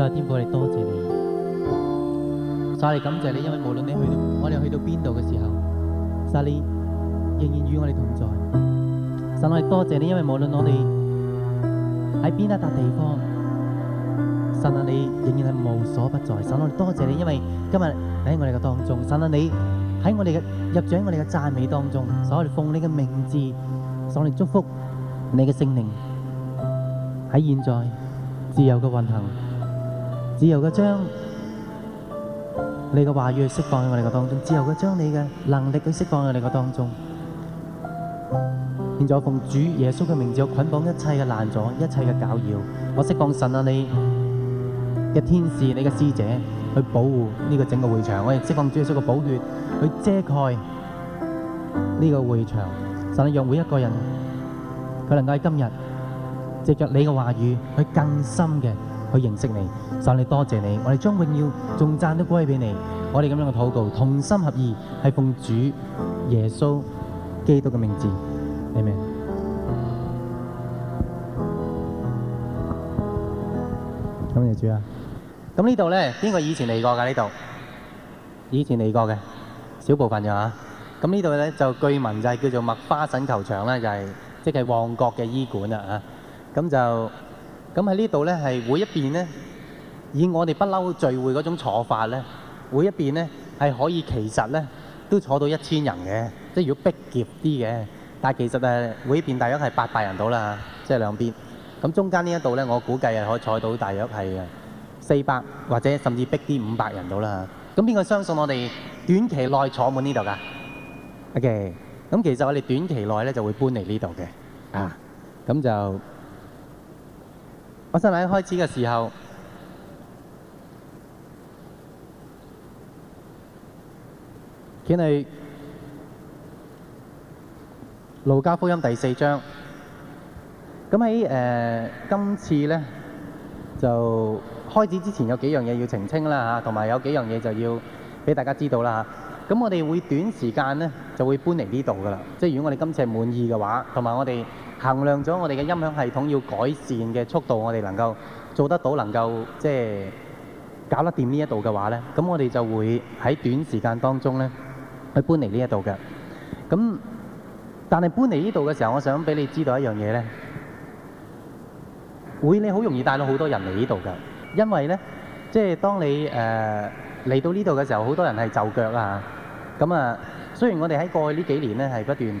阿天父，我哋多謝你，所以感謝你，因為無論你去，我哋去到邊度嘅時候，沙利仍然與我哋同在。神啊，我哋多謝你，因為無論我哋喺邊一笪地方，神啊你仍然係無所不在。神啊，我哋多謝你，因為今日喺我哋嘅當中，神啊你喺我哋嘅入住喺我哋嘅讚美當中，所以我哋奉你嘅名字，所以祝福你嘅聖靈喺現在自由嘅運行。自由嘅將你嘅話語釋放喺我哋嘅當中，自由嘅將你嘅能力去釋放喺我哋嘅當中。現在我奉主耶穌嘅名字，我捆綁一切嘅攔阻、一切嘅攪擾，我釋放神啊！你嘅天使、你嘅使者去保護呢個整個會場，我也釋放主耶穌嘅寶血去遮蓋呢個會場。神啊，讓每一個人佢能夠喺今日藉著你嘅話語去更深嘅去認識你，上帝你多謝你，我哋將榮耀仲贊得歸俾你，我哋咁樣嘅禱告，同心合意，係奉主耶穌基督嘅名字，amen。感謝主啊！咁呢度咧，邊個以前嚟過㗎？呢度以前嚟過嘅，小部分咋嚇、啊？咁呢度咧就據聞就係叫做麥花臣球場咧，就係即係旺角嘅醫館啊。嚇，咁就。咁喺呢度咧，係每一邊咧，以我哋不嬲聚會嗰種坐法咧，每一邊咧係可以其實咧都坐到一千人嘅，即係如果逼夾啲嘅。但係其實誒每一邊大約係八百人到啦，即係兩邊。咁中間呢一度咧，我估計係可以坐到大約係四百或者甚至逼啲五百人到啦。咁邊個相信我哋短期內坐滿呢度㗎？OK，咁其實我哋短期內咧就會搬嚟呢度嘅。啊，咁就。我想喺開始嘅時候，請你路加福音第四章。咁喺誒今次咧，就開始之前有幾樣嘢要澄清啦嚇，同埋有幾樣嘢就要俾大家知道啦嚇。咁我哋會短時間咧就會搬嚟呢度噶啦。即係如果我哋今次係滿意嘅話，同埋我哋。衡量咗我哋嘅音響系統要改善嘅速度，我哋能夠做得到，能夠即係搞得掂呢一度嘅話咧，咁我哋就會喺短時間當中咧去搬嚟呢一度嘅。咁但係搬嚟呢度嘅時候，我想俾你知道一樣嘢咧，會你好容易帶到好多人嚟呢度㗎，因為咧即係當你誒嚟到呢度嘅時候，好多人係就腳啊，咁啊，雖然我哋喺過去呢幾年咧係不斷。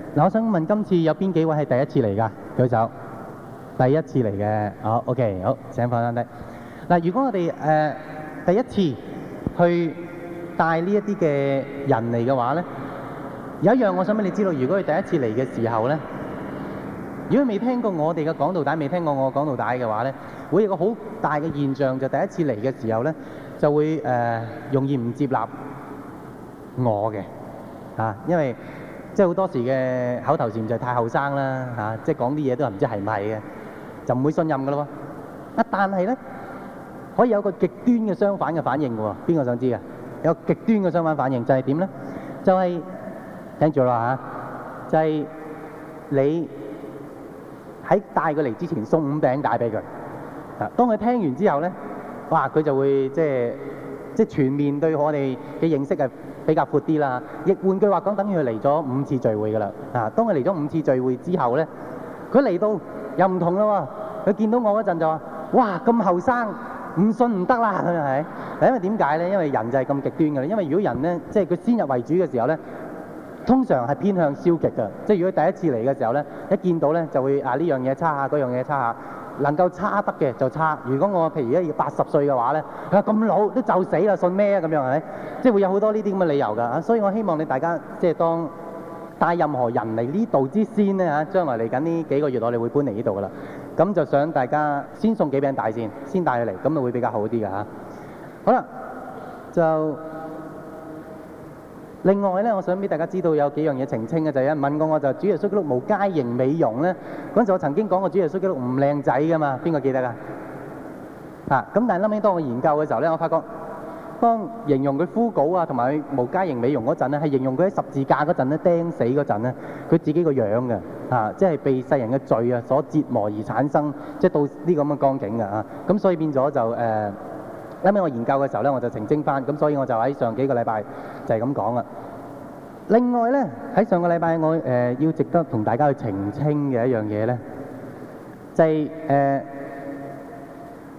嗱，我想問今次有邊幾位係第一次嚟㗎？舉手，第一次嚟嘅，好 OK，好，請放翻低。嗱，如果我哋誒第一次去帶呢一啲嘅人嚟嘅話咧，有一樣我想俾你知道，如果佢第一次嚟嘅時候咧，如果佢未聽過我哋嘅講道帶，未聽過我講道帶嘅話咧，會有個好大嘅現象，就第一次嚟嘅時候咧，就會誒容易唔接納我嘅，啊，因為。即係好多時嘅口頭禪就係太後生啦嚇，即係講啲嘢都係唔知係唔係嘅，就唔會信任噶咯喎。啊，但係咧可以有個極端嘅相反嘅反應喎，邊個想知啊？有極端嘅相反反應就係點咧？就係聽住啦嚇，就係你喺帶佢嚟之前送五餅帶俾佢。啊，當佢聽完之後咧，哇佢就會即係即係全面對我哋嘅認識係。比較闊啲啦，亦換句話講，等於佢嚟咗五次聚會噶啦。啊，當佢嚟咗五次聚會之後咧，佢嚟到又唔同啦喎。佢見到我嗰陣就話：哇，咁後生，唔信唔得啦咁樣係。係因為點解咧？因為人就係咁極端噶啦。因為如果人咧，即係佢先入為主嘅時候咧，通常係偏向消極噶。即係如果第一次嚟嘅時候咧，一見到咧就會啊呢樣嘢差下，嗰樣嘢差下。能夠差得嘅就差。如果我譬如咧要八十歲嘅話咧，佢話咁老都就死啦，信咩啊咁樣係咪？即係會有好多呢啲咁嘅理由㗎嚇。所以我希望你大家即係當帶任何人嚟呢度之先咧嚇，將來嚟緊呢幾個月我哋會搬嚟呢度㗎啦。咁就想大家先送幾餅大先，先帶佢嚟，咁咪會比較好啲㗎嚇。好啦，就。另外呢，我想俾大家知道有幾樣嘢澄清嘅，就有、是、人問過我就是、主耶穌基督無佳形美容呢嗰陣我曾經講過主耶穌基督唔靚仔㗎嘛，邊個記得啊？啊，咁但係後尾當我研究嘅時候呢，我發覺當形容佢枯槁啊，同埋無佳形美容嗰陣呢，係形容佢喺十字架嗰陣呢，釘死嗰陣呢，佢自己個樣嘅啊,啊，即係被世人嘅罪啊所折磨而產生，即係到呢咁嘅光景嘅啊。咁、啊、所以變咗就誒。呃啱啱我研究嘅時候呢，我就澄清翻，咁所以我就喺上幾個禮拜就係咁講啊。另外呢，喺上個禮拜我、呃、要值得同大家去澄清嘅一樣嘢咧，就係、誒呃、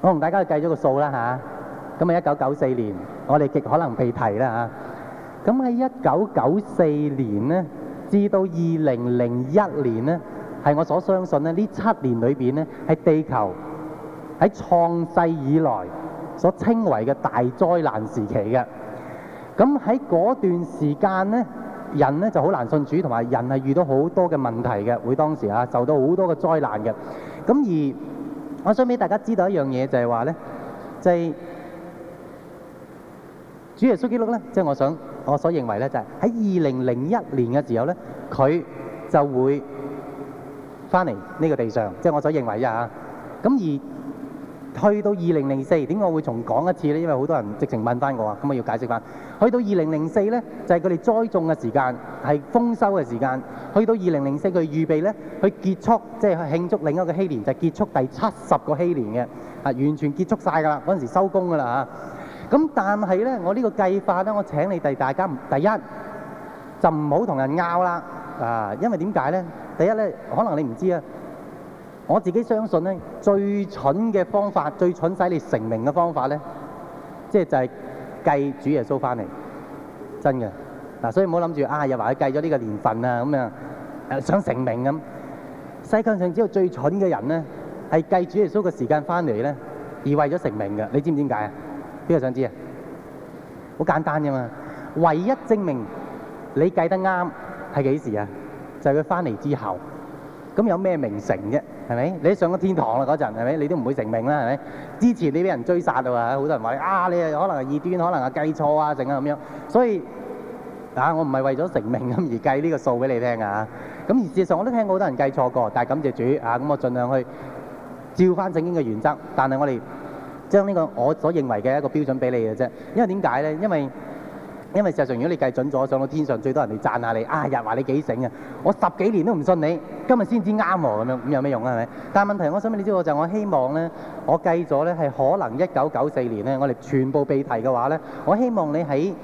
我同大家去計咗個數啦吓，咁啊，一九九四年我哋極可能被提啦吓，咁喺一九九四年呢至到二零零一年呢，係我所相信咧，呢七年裏面呢，係地球喺創世以來。所稱為嘅大災難時期嘅，咁喺嗰段時間咧，人咧就好難信主，同埋人係遇到好多嘅問題嘅，會當時啊受到好多嘅災難嘅。咁而我想俾大家知道一樣嘢就係話咧，即係主耶穌基督咧，即係我想我所認為咧，就係喺二零零一年嘅時候咧，佢就會翻嚟呢個地上，即係我所認為啊。咁而去到二零零四，點解我會重講一次咧？因為好多人直情問翻我啊，咁我要解釋翻。去到二零零四咧，就係佢哋栽種嘅時間，係豐收嘅時間。去到二零零四，佢預備咧去結束，即係去慶祝另一個禧年，就結束第七十個禧年嘅，啊，完全結束曬㗎啦，嗰陣時收工㗎啦嚇。咁但係咧，我呢個計法咧，我請你哋大家第一就唔好同人拗啦，啊，因為點解咧？第一咧，可能你唔知啊。我自己相信呢，最蠢嘅方法、最蠢使你成名嘅方法呢，即就係、係、計主耶穌返嚟，真嘅。所以唔好諗住啊，又話佢計咗呢個年份啊咁樣、呃，想成名、啊。世界上只有最蠢嘅人呢，係計主耶穌嘅時間返嚟咧，而為咗成名嘅。你知唔知點解？邊個想知？好簡單啫嘛。唯一證明你計得啱係幾時啊？就係、係、佢返嚟之後。咁有咩名成啫？係咪？你上咗天堂啦嗰陣，係咪？你都唔會成名啦，係咪？之前你俾人追殺到啊，好多人話你啊，你又可能係異端，可能係計錯啊，成啊咁樣。所以啊，我唔係為咗成名咁而計呢個數俾你聽啊。咁而事實上我都聽過好多人計錯過，但係感謝主啊，咁我盡量去照翻正經嘅原則。但係我哋將呢個我所認為嘅一個標準俾你嘅啫。因為點解咧？因為因為事實上，如果你計準咗，上到天上最多人哋讚下你，啊日話你幾醒啊！我十幾年都唔信你，今日先知啱喎，咁樣咁有咩用啊？係咪？但問題，我想俾你知道，就我希望呢，我計咗呢，係可能一九九四年呢，我哋全部被提嘅話呢，我希望你喺誒、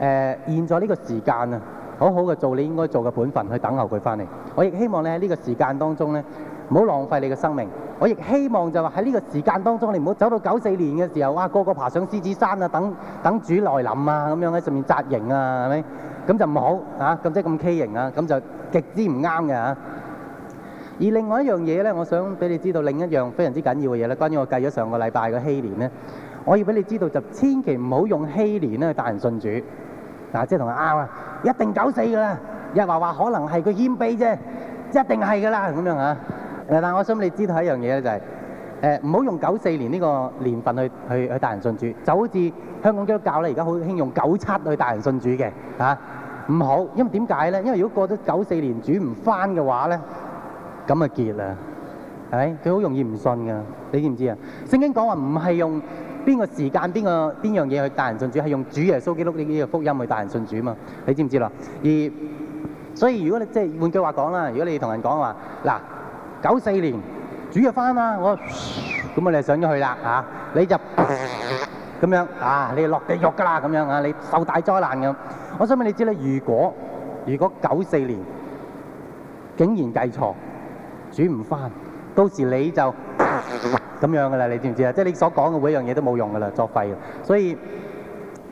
呃、現在呢個時間啊，好好嘅做你應該做嘅本分，去等候佢翻嚟。我亦希望你喺呢個時間當中呢。唔好浪費你嘅生命。我亦希望就話喺呢個時間當中，你唔好走到九四年嘅時候，哇！個個爬上獅子山啊，等等主來臨啊，咁樣喺上面紮營啊，係咪？咁就唔好嚇，咁即係咁畸形啊，咁就極之唔啱嘅嚇。而另外一樣嘢咧，我想俾你知道另一樣非常之緊要嘅嘢咧，關於我計咗上個禮拜嘅希年咧，我要俾你知道就千祈唔好用希年咧帶人信主嗱，即係同人拗啊，一定九四㗎啦，又話話可能係個謙卑啫，一定係㗎啦，咁樣嚇。但我想你知道一樣嘢咧，就係誒，唔好用九四年呢個年份去去去帶人信主，就好似香港基督教咧，而家好興用九七去帶人信主嘅嚇，唔好，因為點解咧？因為如果過咗九四年主唔返嘅話咧，咁啊結啦，係咪？佢好容易唔信噶，你知唔知啊？聖經講話唔係用邊個時間、邊個邊樣嘢去帶人信主，係用主耶穌基督呢呢個福音去帶人信主嘛？你知唔知咯？而所以如果你即係換句話講啦，如果你同人講話嗱。九四年煮咗翻啦，我咁我哋上咗去啦嚇，你就咁樣啊，你落地獄噶啦咁樣啊，你受大災難咁。我想問你知咧，如果如果九四年竟然計錯，煮唔翻，到時你就咁樣噶啦，你知唔知啊？即係你所講嘅每一樣嘢都冇用噶啦，作廢。所以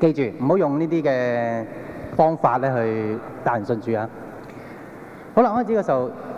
記住唔好用呢啲嘅方法咧去帶人信主啊！好啦，開始嘅時候。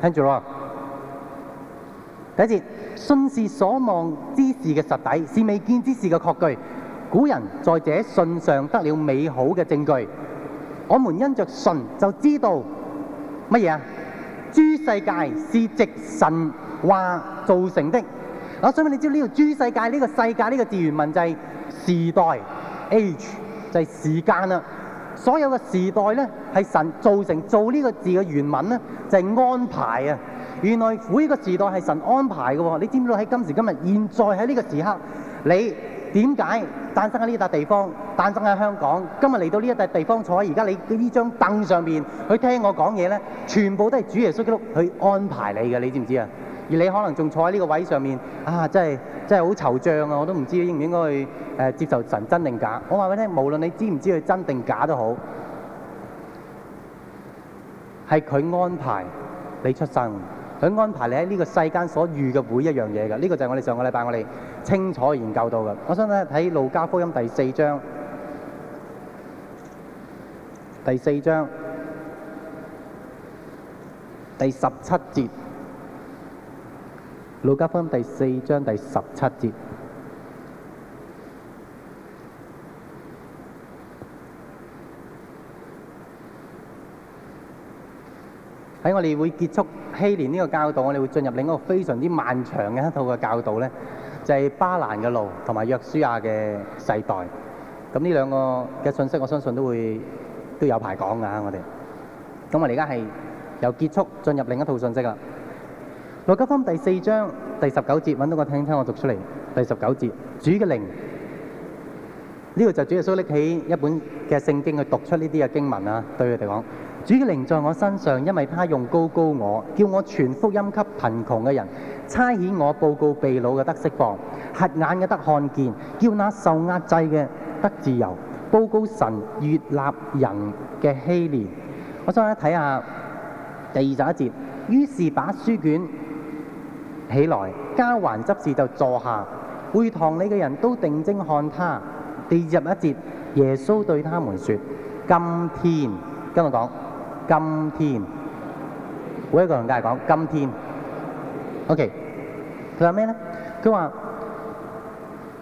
聽住咯，第一節信是所望之事嘅實底，是未見之事嘅確據。古人在這信上得了美好嘅證據。我們因着信就知道乜嘢啊？諸世界是藉神話造成的。我想問你知唔知呢個諸世界呢、這個世界呢、這個字源文就係時代 age，就係時間啦。所有嘅時代呢，係神造成，做呢個字嘅原文呢，就係安排啊！原來苦呢個時代係神安排嘅喎。你知唔知喺今時今日，現在喺呢個時刻，你點解誕生喺呢笪地方，誕生喺香港，今日嚟到呢一笪地方坐喺而家你呢張凳上面，去聽我講嘢呢，全部都係主耶穌基督去安排你嘅，你知唔知啊？而你可能仲坐喺呢個位上面啊，真係～真係好惆悵啊！我都唔知應唔應該去接受神真定假。我話俾你聽，無論你知唔知佢真定假都好，係佢安排你出生，佢安排你喺呢個世間所遇嘅每一樣嘢㗎。呢個就係我哋上個禮拜我哋清楚研究到㗎。我想睇路加福音第四章，第四章第十七節。路加福音第四章第十七節，喺我哋會結束禧年呢個教導，我哋會進入另一個非常之漫長嘅一套嘅教導，呢就係巴蘭嘅路同埋約書亞嘅世代。咁呢兩個嘅信息，我相信都會都有排講噶、啊，我哋。咁我哋而家係由結束進入另一套信息啦。我金篇》第四章第十九節揾到個聽聽我讀出嚟。第十九節，主嘅靈，呢個就是主耶穌拎起一本嘅聖經去讀出呢啲嘅經文啊，對佢哋講。主嘅靈在我身上，因為他用高高我，叫我傳福音給貧窮嘅人，差遣我報告被擄嘅得釋放，瞎眼嘅得看見，叫那受壓制嘅得自由，報告神越納人嘅希年。我想一睇下第二十一節，於是把書卷。起來，交還執事就坐下，會堂裏嘅人都定睛看他。第二十一節，耶穌對他們說：今天，跟我講，今天，每一個人都係講，今天。O.K. 佢話咩咧？佢話：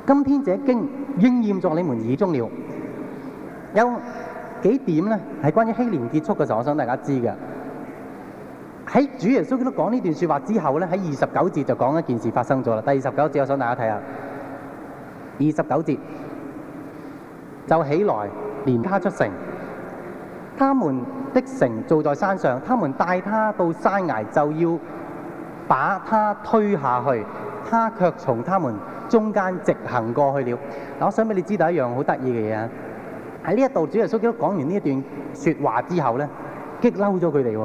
今天這經應驗在你們耳中了。有幾點咧，係關於禧年結束嘅時候，我想大家知嘅。喺主耶穌基督講呢段說話之後咧，喺二十九節就講一件事發生咗啦。第二十九節，我想大家睇下。二十九節就起來連他出城，他們的城造在山上，他們帶他到山崖就要把他推下去，他卻從他們中間直行過去了。嗱，我想俾你知道一樣好得意嘅嘢啊！喺呢一度，主耶穌基督講完呢一段說話之後咧，激嬲咗佢哋喎。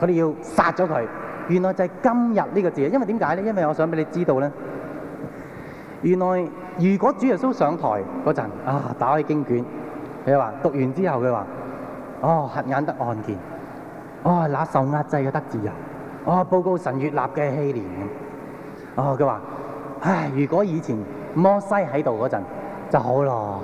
佢哋要殺咗佢，原來就係今日呢個字，因為點解咧？因為我想俾你知道咧，原來如果主耶穌上台嗰陣啊，打開經卷，佢話讀完之後，佢話：哦，瞎眼得看見，哦，那受壓制嘅得自由，哦，報告神悦納嘅禧年，哦，佢話：唉、哎，如果以前摩西喺度嗰陣就好咯。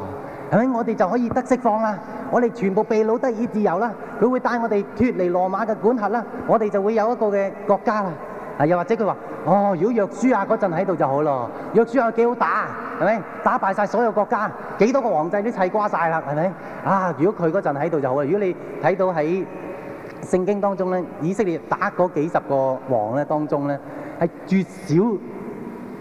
係咪？我哋就可以得釋放啦！我哋全部被擄得以自由啦！佢會帶我哋脱離羅馬嘅管轄啦！我哋就會有一個嘅國家啦！啊，又或者佢話：哦，如果約書亞嗰陣喺度就好咯！約書亞幾好打，係咪？打敗晒所有國家，幾多個皇帝都砌瓜晒啦，係咪？啊，如果佢嗰陣喺度就好啦！如果你睇到喺聖經當中咧，以色列打嗰幾十個王咧，當中咧係絕少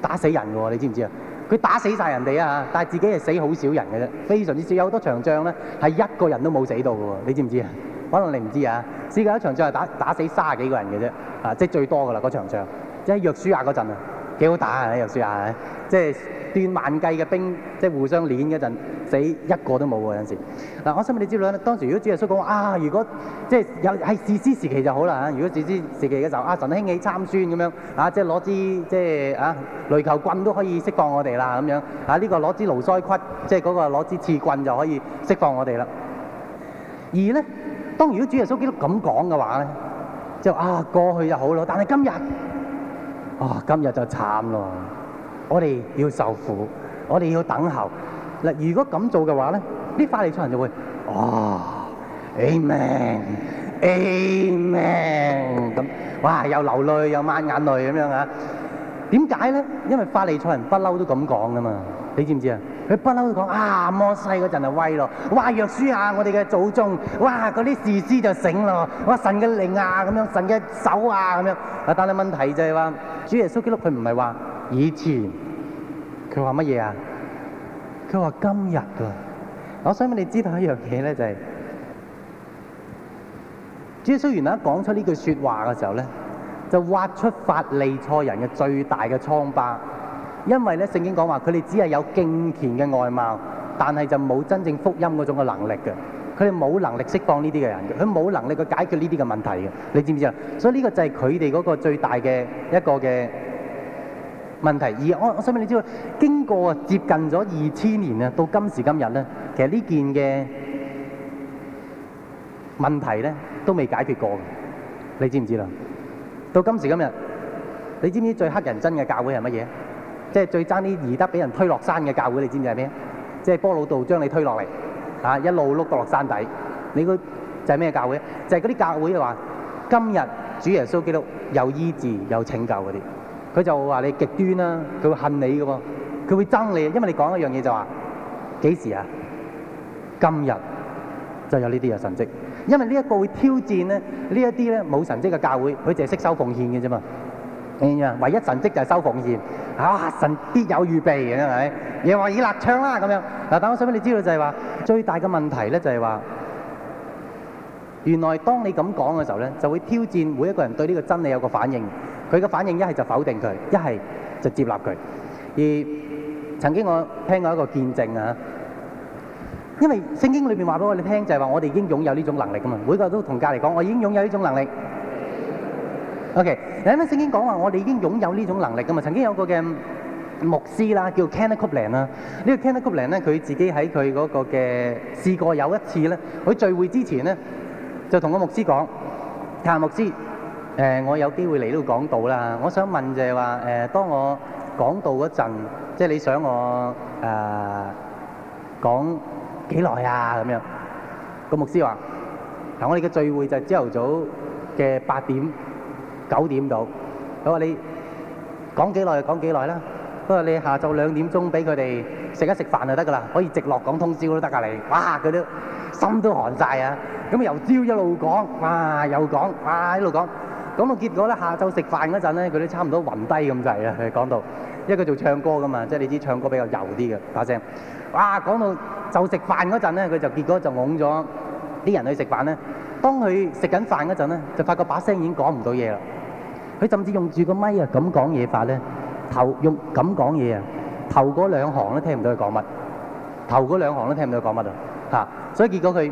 打死人喎，你知唔知啊？佢打死曬人哋啊，但自己係死好少人嘅啫，非常之少。有好多場仗呢係一個人都冇死到嘅喎，你知唔知啊？可能你唔知啊。試過有場仗係打打死三十幾個人嘅啫，啊，即係最多嘅啦，嗰場仗，即係約書亞嗰陣啊。幾好打啊！又算下，即係斷萬計嘅兵，即係互相碾嗰陣，死一個都冇喎。有陣時，嗱，我想問你知唔知咧？當時如果主耶穌講話啊，如果即係有喺士師時期就好啦嚇。如果士師時期嘅時候啊，神興起參孫咁樣啊，即係攞支即係啊壘球棍都可以釋放我哋啦咁樣啊，呢個攞支驢腮骨，即係嗰個攞支刺棍就可以釋放我哋啦。而咧，當如果主耶穌基督咁講嘅話咧，就啊過去就好咯，但係今日。哦，今日就慘咯！我哋要受苦，我哋要等候。嗱，如果咁做嘅話咧，啲法利賽人就會，哦，Amen，Amen，咁，哇，又流淚又抹眼淚咁樣啊！點解咧？因為法利賽人不嬲都咁講㗎嘛，你知唔知啊？佢不嬲，佢講啊，摩西嗰陣就威咯，哇！約書亞，我哋嘅祖宗，哇！嗰啲士師就醒咯，哇！神嘅靈啊，咁樣，神嘅手啊，咁樣。啊，但係問題就係話，主耶穌基督佢唔係話以前，佢話乜嘢啊？佢話今日啊！我想問你知道一樣嘢咧，就係主耶穌原來一講出呢句説話嘅時候咧，就挖出法利賽人嘅最大嘅瘡疤。因為咧，聖經講話佢哋只係有敬虔嘅外貌，但係就冇真正福音嗰種嘅能力嘅。佢哋冇能力釋放呢啲嘅人，佢冇能力去解決呢啲嘅問題嘅。你知唔知啊？所以呢個就係佢哋嗰個最大嘅一個嘅問題。而我我想問你知喎？經過接近咗二千年啊，到今時今日咧，其實呢件嘅問題咧都未解決過嘅。你知唔知啦？到今時今日，你知唔知最乞人憎嘅教會係乜嘢？即、就、係、是、最爭啲宜得俾人推落山嘅教會，你知唔知係咩？即、就、係、是、波老道將你推落嚟，嚇一路碌到落山底。你個就係咩教會？就係嗰啲教會話今日主耶穌基督有醫治、有拯救嗰啲，佢就話你極端啦，佢會恨你嘅喎，佢會憎你，因為你講一樣嘢就話幾時啊？今日就有呢啲嘅神跡，因為呢一個會挑戰咧，呢一啲咧冇神跡嘅教會，佢淨係識收奉獻嘅啫嘛。係啊，唯一神跡就係收奉獻，啊，神必有預備嘅，係咪？又話耶和華以勒啦咁樣。嗱，但我想俾你知道就係話，最大嘅問題咧就係話，原來當你咁講嘅時候咧，就會挑戰每一個人對呢個真理有個反應。佢嘅反應一係就否定佢，一係就接納佢。而曾經我聽過一個見證啊，因為聖經裏邊話俾我哋聽就係話，我哋已經擁有呢種能力嘅嘛。每個人都同格嚟講，我已經擁有呢種能力。OK，有咩聖經講話我哋已經擁有呢種能力㗎嘛？曾經有個嘅牧師啦，叫 Candler Copley 啦。呢個 Candler Copley 咧，佢自己喺佢嗰個嘅試過有一次咧，佢聚會之前咧，就同個牧師講：譚牧師，誒，我有機會嚟呢度講道啦。我想問就係話，誒，當我講道嗰陣，即係你想我誒講幾耐啊？咁樣，個牧師話：嗱，我哋嘅聚會就係朝頭早嘅八點。九點到，佢話你講幾耐就講幾耐啦。不過你下晝兩點鐘俾佢哋食一食飯就得噶啦，可以直落講通宵都得㗎、啊、你。哇！佢都心都寒晒啊！咁由朝一路講，哇！又講，哇！一路講，咁啊結果咧，下晝食飯嗰陣咧，佢都差唔多暈低咁滯啦。佢講到，因為佢做唱歌噶嘛，即係你知唱歌比較柔啲嘅把聲。哇！講到就食飯嗰陣咧，佢就結果就懵咗。啲人去食飯咧，當佢食緊飯嗰陣咧，就發覺把聲已經講唔到嘢啦。佢甚至用住個咪啊咁講嘢法咧，頭用咁講嘢啊，頭嗰兩行都聽唔到佢講乜，頭嗰兩行都聽唔到佢講乜啊嚇！所以結果佢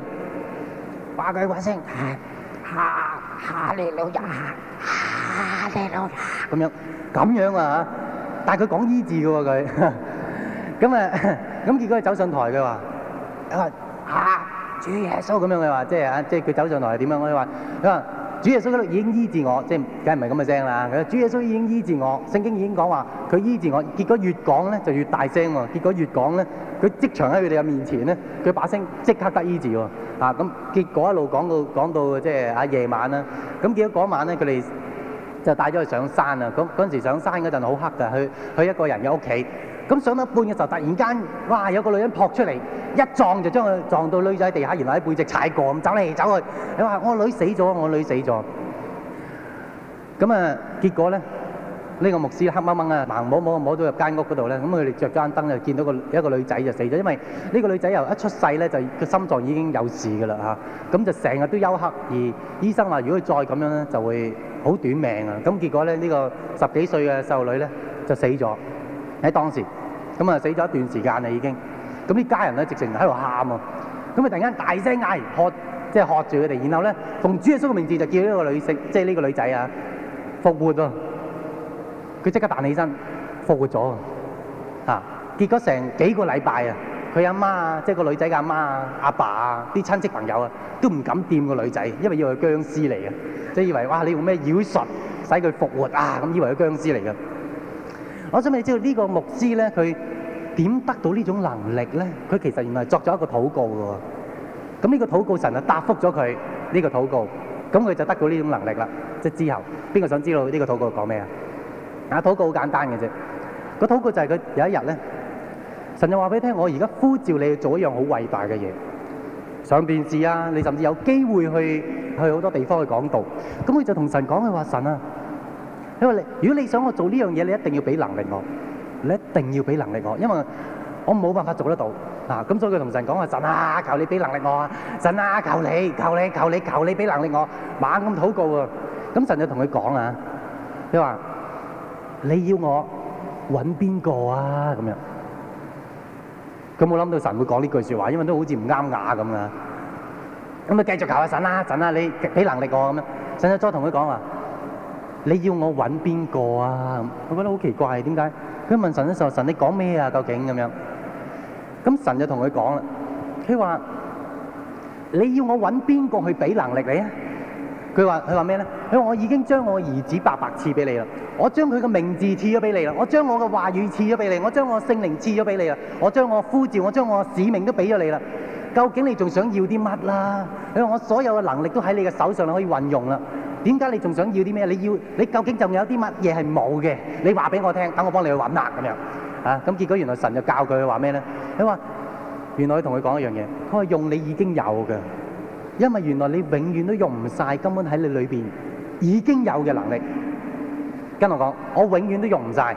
呱呱聲，下下你老人家，下你老人家咁樣咁樣啊嚇！但係佢講醫字㗎喎佢，咁啊咁結果佢走上台佢話啊主耶穌咁樣，佢話即係啊即係佢走上台係點樣我哋話佢話。主耶穌已經醫治我，即係梗係唔係咁嘅聲啦。主耶穌已經醫治我，聖經已經講話佢醫治我。結果越講咧就越大聲喎。結果越講咧，佢即場喺佢哋嘅面前咧，佢把聲即刻得醫治喎。啊咁，結果一路講到講到即係啊夜晚啦。咁見到嗰晚咧，佢哋就帶咗佢上山啊。咁嗰陣時上山嗰陣好黑㗎，去去一個人嘅屋企。咁上到一半嘅時候，突然間，哇！有個女人撲出嚟，一撞就將佢撞到女仔地下，然後喺背脊踩過咁走嚟走去。你話我個女死咗，我個女死咗。咁啊，結果咧，呢個牧師黑掹掹啊，盲摸摸摸到入間屋嗰度咧，咁佢哋著住間燈就見到個一個女仔就死咗，因為呢個女仔由一出世咧就個心臟已經有事噶啦嚇，咁就成日都休克。而醫生話，如果佢再咁樣咧，就會好短命啊。咁結果咧，呢個十幾歲嘅細路女咧就死咗喺當時。咁啊死咗一段時間啦已經，咁啲家人咧直情喺度喊喎，咁啊突然間大聲嗌，喝即係喝住佢哋，然後咧用主耶穌嘅名字就叫呢個女仔，即係呢個女仔啊復活喎，佢即刻彈起身復活咗啊！結果成幾個禮拜啊，佢阿媽即係、就是、個女仔嘅阿媽啊、阿爸啊啲親戚朋友啊都唔敢掂個女仔，因為以為是僵屍嚟嘅，即係以為哇你用咩妖術使佢復活啊咁，以為佢僵屍嚟嘅。我想你知道呢個牧師咧，佢點得到呢種能力咧？佢其實原來作咗一個禱告喎。咁呢個禱告神啊答覆咗佢呢個禱告，咁佢就得到呢種能力啦。即之後，邊個想知道呢個禱告講咩啊？嗱，禱告好簡單嘅啫。個禱告就係佢有一日咧，神就話俾你聽：我而家呼召你去做一樣好偉大嘅嘢。上電視啊，你甚至有機會去去好多地方去講道。咁佢就同神講：佢話神啊！因為你如果你想我做呢樣嘢，你一定要俾能力我，你一定要俾能力我，因為我冇辦法做得到啊！咁所以佢同神講話：神啊，求你俾能力我啊！神啊，求你，求你，求你，求你俾能力我，猛咁禱告啊！咁神就同佢講啊，佢話：你要我揾邊個啊？咁樣。佢冇諗到神會講呢句說話，因為都好似唔啱牙咁啊！咁啊，繼續求下神啊，神啊，你俾能力我咁樣。神就再同佢講話。你要我揾邊個啊？佢覺得好奇怪，啊，點解？佢問神嘅時候，神你講咩啊？究竟咁樣？咁神就同佢講啦。佢話：你要我揾邊個去俾能力你啊？佢話：佢話咩咧？佢話：我已經將我兒子白白賜俾你啦。我將佢嘅名字賜咗俾你啦。我將我嘅話語賜咗俾你。我將我嘅聖靈賜咗俾你啦。我將我嘅呼召，我將我嘅使命都俾咗你啦。究竟你仲想要啲乜啦？佢話我所有嘅能力都喺你嘅手上，可以運用啦。點解你仲想要啲咩？你要你究竟仲有啲乜嘢係冇嘅？你話俾我聽，等我幫你去搵啦咁樣啊！咁結果原來神就教佢話咩咧？佢話原來同佢講一樣嘢，佢話用你已經有嘅，因為原來你永遠都用唔晒，根本喺你裏邊已經有嘅能力。跟我講，我永遠都用唔晒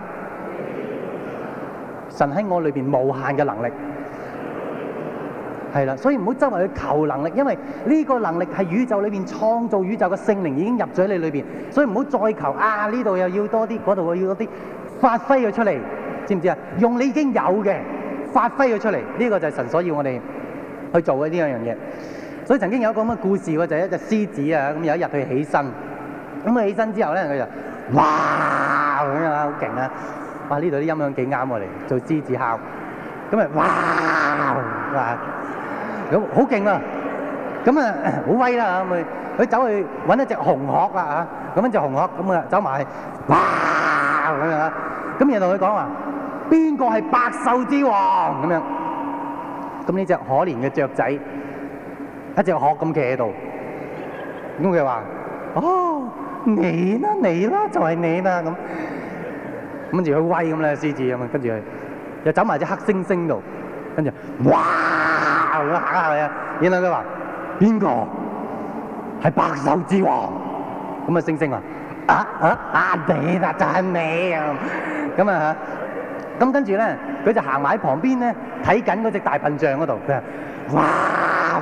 神喺我裏邊無限嘅能力。係啦，所以唔好周圍去求能力，因為呢個能力係宇宙裏邊創造宇宙嘅聖靈已經入咗你裏邊，所以唔好再求啊！呢度又要多啲，嗰度又要多啲，發揮佢出嚟，知唔知啊？用你已經有嘅發揮佢出嚟，呢、這個就係神所要我哋去做嘅呢兩樣嘢。所以曾經有一個咁嘅故事嘅，就係、是、一隻獅子啊，咁有一日佢起身，咁佢起身之後咧，佢就哇咁樣啊，好勁啊！哇，呢度啲音響幾啱我哋做獅子哮。咁啊，哇！啊，咁好勁啊！咁啊，好威啦嚇！佢佢走去揾一隻紅鶴啊嚇！咁樣隻紅鶴咁啊，走埋哇！咁樣嚇！咁然後佢講話：邊個係百獸之王？咁樣，咁呢隻可憐嘅雀仔一隻鶴咁企喺度，咁佢話：哦，你啦你啦就係你啦咁。跟住佢威咁咧，獅子咁啊，跟住佢。又走埋隻黑猩猩度，跟住哇咁嚇佢啊！然後佢話：邊個係百獸之王？咁啊猩猩啊，啊啊啊你啊就係你啊！咁啊嚇！咁跟住咧，佢就行埋喺旁邊咧，睇緊嗰隻大笨象嗰度。佢話：哇！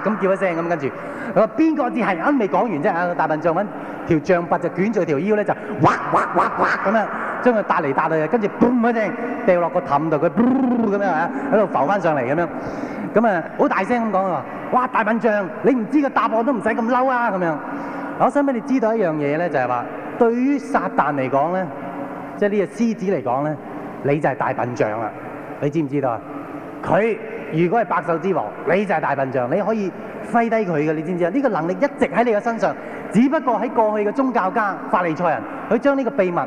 咁叫一聲咁跟住，佢話邊個只係啱未講完啫啊！大笨象揾條象拔就卷住條腰咧，就畫畫畫畫咁啊！將佢打嚟打去，跟住砰一聲掉落個氹度，佢咁樣啊喺度浮翻上嚟咁樣，咁啊好大聲咁講喎！哇大笨象，你唔知個答案都唔使咁嬲啊！咁樣，我想俾你知道一樣嘢咧，就係話對於撒旦嚟講咧，即係呢隻獅子嚟講咧，你就係大笨象啦！你知唔知道啊？佢如果係百獸之王，你就係大笨象，你可以揮低佢嘅，你知唔知啊？呢個能力一直喺你嘅身上，只不過喺過去嘅宗教家法利賽人，佢將呢個秘密。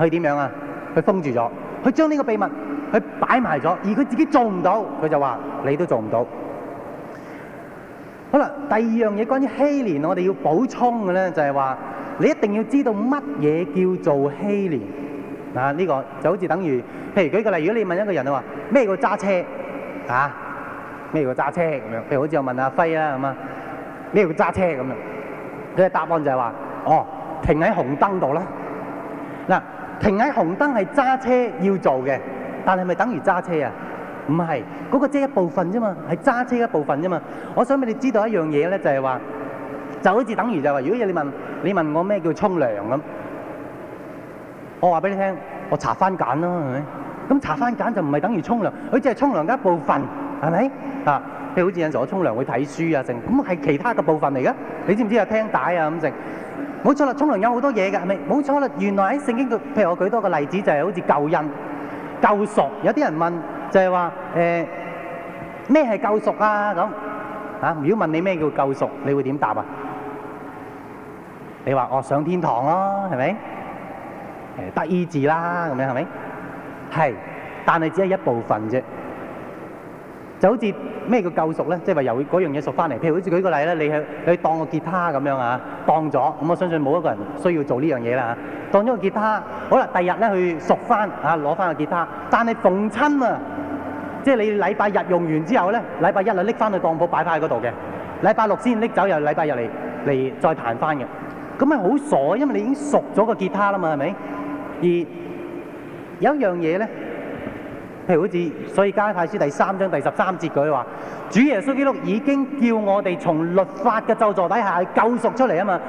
佢點樣啊？佢封住咗，佢將呢個秘密佢擺埋咗，而佢自己做唔到，佢就話你都做唔到。好啦，第二樣嘢關於欺騙，我哋要補充嘅咧，就係話你一定要知道乜嘢叫做欺騙啊！呢個就好似等於，譬如舉個例，如果你問一個人啊話咩叫揸車啊？咩叫揸車咁樣？譬如好似我問阿輝啦咁啊，咩叫揸車咁啊？佢嘅答案就係話哦，停喺紅燈度啦。嗱。停喺紅燈係揸車要做嘅，但係咪等於揸車啊？唔係，嗰個即係一部分啫嘛，係揸車一部分啫嘛。我想俾你知道一樣嘢咧，就係話，就好似等於就話，如果你問你問我咩叫沖涼咁，我話俾你聽，我搽番梘啦，係咪？咁搽番梘就唔係等於沖涼，佢只係沖涼嘅一部分，係咪？啊，譬如好似有陣時候我沖涼會睇書啊，剩咁係其他嘅部分嚟嘅，你知唔知啊？有聽帶啊，咁剩。冇錯啦，沖涼有好多嘢㗎，係咪？冇錯啦，原來喺聖經佢，譬如我舉多個例子，就係好似救恩、救贖。有啲人問，就係話誒咩係救贖啊？咁啊，如果問你咩叫救贖，你會點答啊？你話我上天堂咯，係咪？誒得意字得醫治啦，咁樣係咪？係，但係只係一部分啫。就好似咩叫救熟咧，即係話由嗰樣嘢熟翻嚟。譬如好似舉個例呢，你去你當個吉他咁樣啊，當咗。咁我相信冇一個人需要做呢樣嘢啦。當咗個吉他，好啦，第日咧去熟翻啊，攞翻個吉他。但係逢親啊，即係你禮拜日用完之後咧，禮拜一就拎翻去當鋪擺翻喺嗰度嘅。禮拜六先拎走，又禮拜日嚟嚟再彈翻嘅。咁係好傻，因為你已經熟咗個吉他啦嘛，係咪？而有一樣嘢咧。譬如好似，所以加拉太書第三章第十三節佢話，主耶穌基督已經叫我哋從律法嘅咒詛底下救贖出嚟啊嘛。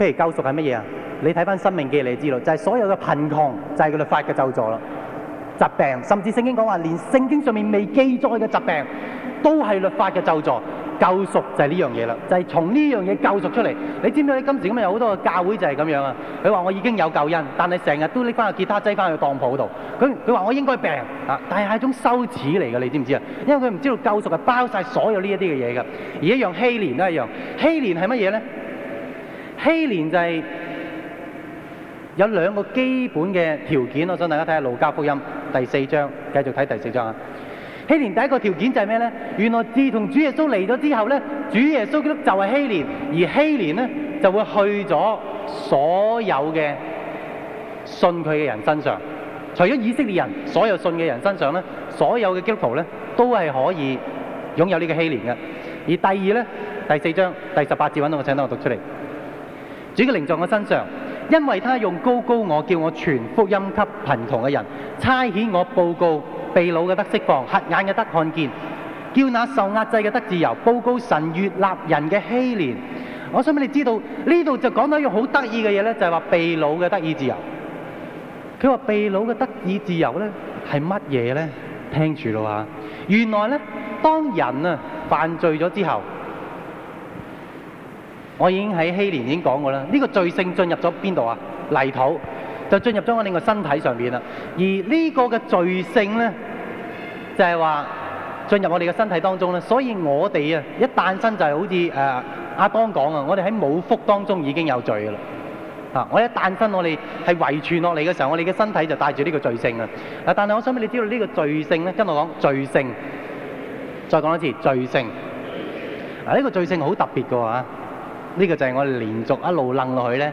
譬如救贖係乜嘢啊？你睇翻《申命記你》知道，就係、是、所有嘅貧窮就係、是、律法嘅咒詛咯。疾病，甚至聖經講話連聖經上面未記載嘅疾病都係律法嘅咒詛。救贖就係呢樣嘢啦，就係從呢樣嘢救贖出嚟。你知唔知？你今時今日有好多嘅教會就係咁樣啊！佢話我已經有救恩，但係成日都拎翻個吉他，擠翻去當鋪度。咁佢話我應該病啊，但係係一種羞恥嚟嘅。你知唔知啊？因為佢唔知道救贖係包晒所有呢一啲嘅嘢噶。而一樣禧年都是一樣，禧年係乜嘢呢？禧年就係有兩個基本嘅條件。我想大家睇下路加福音第四章，繼續睇第四章啊。禧年第一個條件就係咩呢？原來自從主耶穌嚟咗之後呢，主耶穌基督就係禧年，而禧年呢就會去咗所有嘅信佢嘅人身上。除咗以色列人，所有信嘅人身上呢，所有嘅基督徒呢都係可以擁有呢個禧年嘅。而第二呢，第四章第十八節揾到我，我請到我讀出嚟。主嘅靈在我身上，因為他用高高我，叫我傳福音給貧窮嘅人，差遣我報告。被擄嘅得釋放，瞎眼嘅得看見，叫那受壓制嘅得自由，報告神悅納人嘅禧年。我想俾你知道，呢度就講到一樣好得意嘅嘢咧，就係、是、話被擄嘅得意自由。佢話被擄嘅得意自由咧係乜嘢咧？聽住咯，吓，原來咧當人啊犯罪咗之後，我已經喺禧年已經講過啦。呢、這個罪性進入咗邊度啊？泥土。就進入咗我哋個身體上面啦，而呢個嘅罪性呢，就係話進入我哋嘅身體當中呢。所以我哋啊，一誕生就係好似阿當講啊，我哋喺母腹當中已經有罪嘅啦、啊。我一誕生，我哋係遺傳落嚟嘅時候，我哋嘅身體就帶住呢個罪性啦、啊。但係我想畀你知道呢個罪性呢，跟住我講罪性，再講一次罪性。啊，呢個罪性好特別嘅嚇。呢個就係我哋連續一路楞落去呢。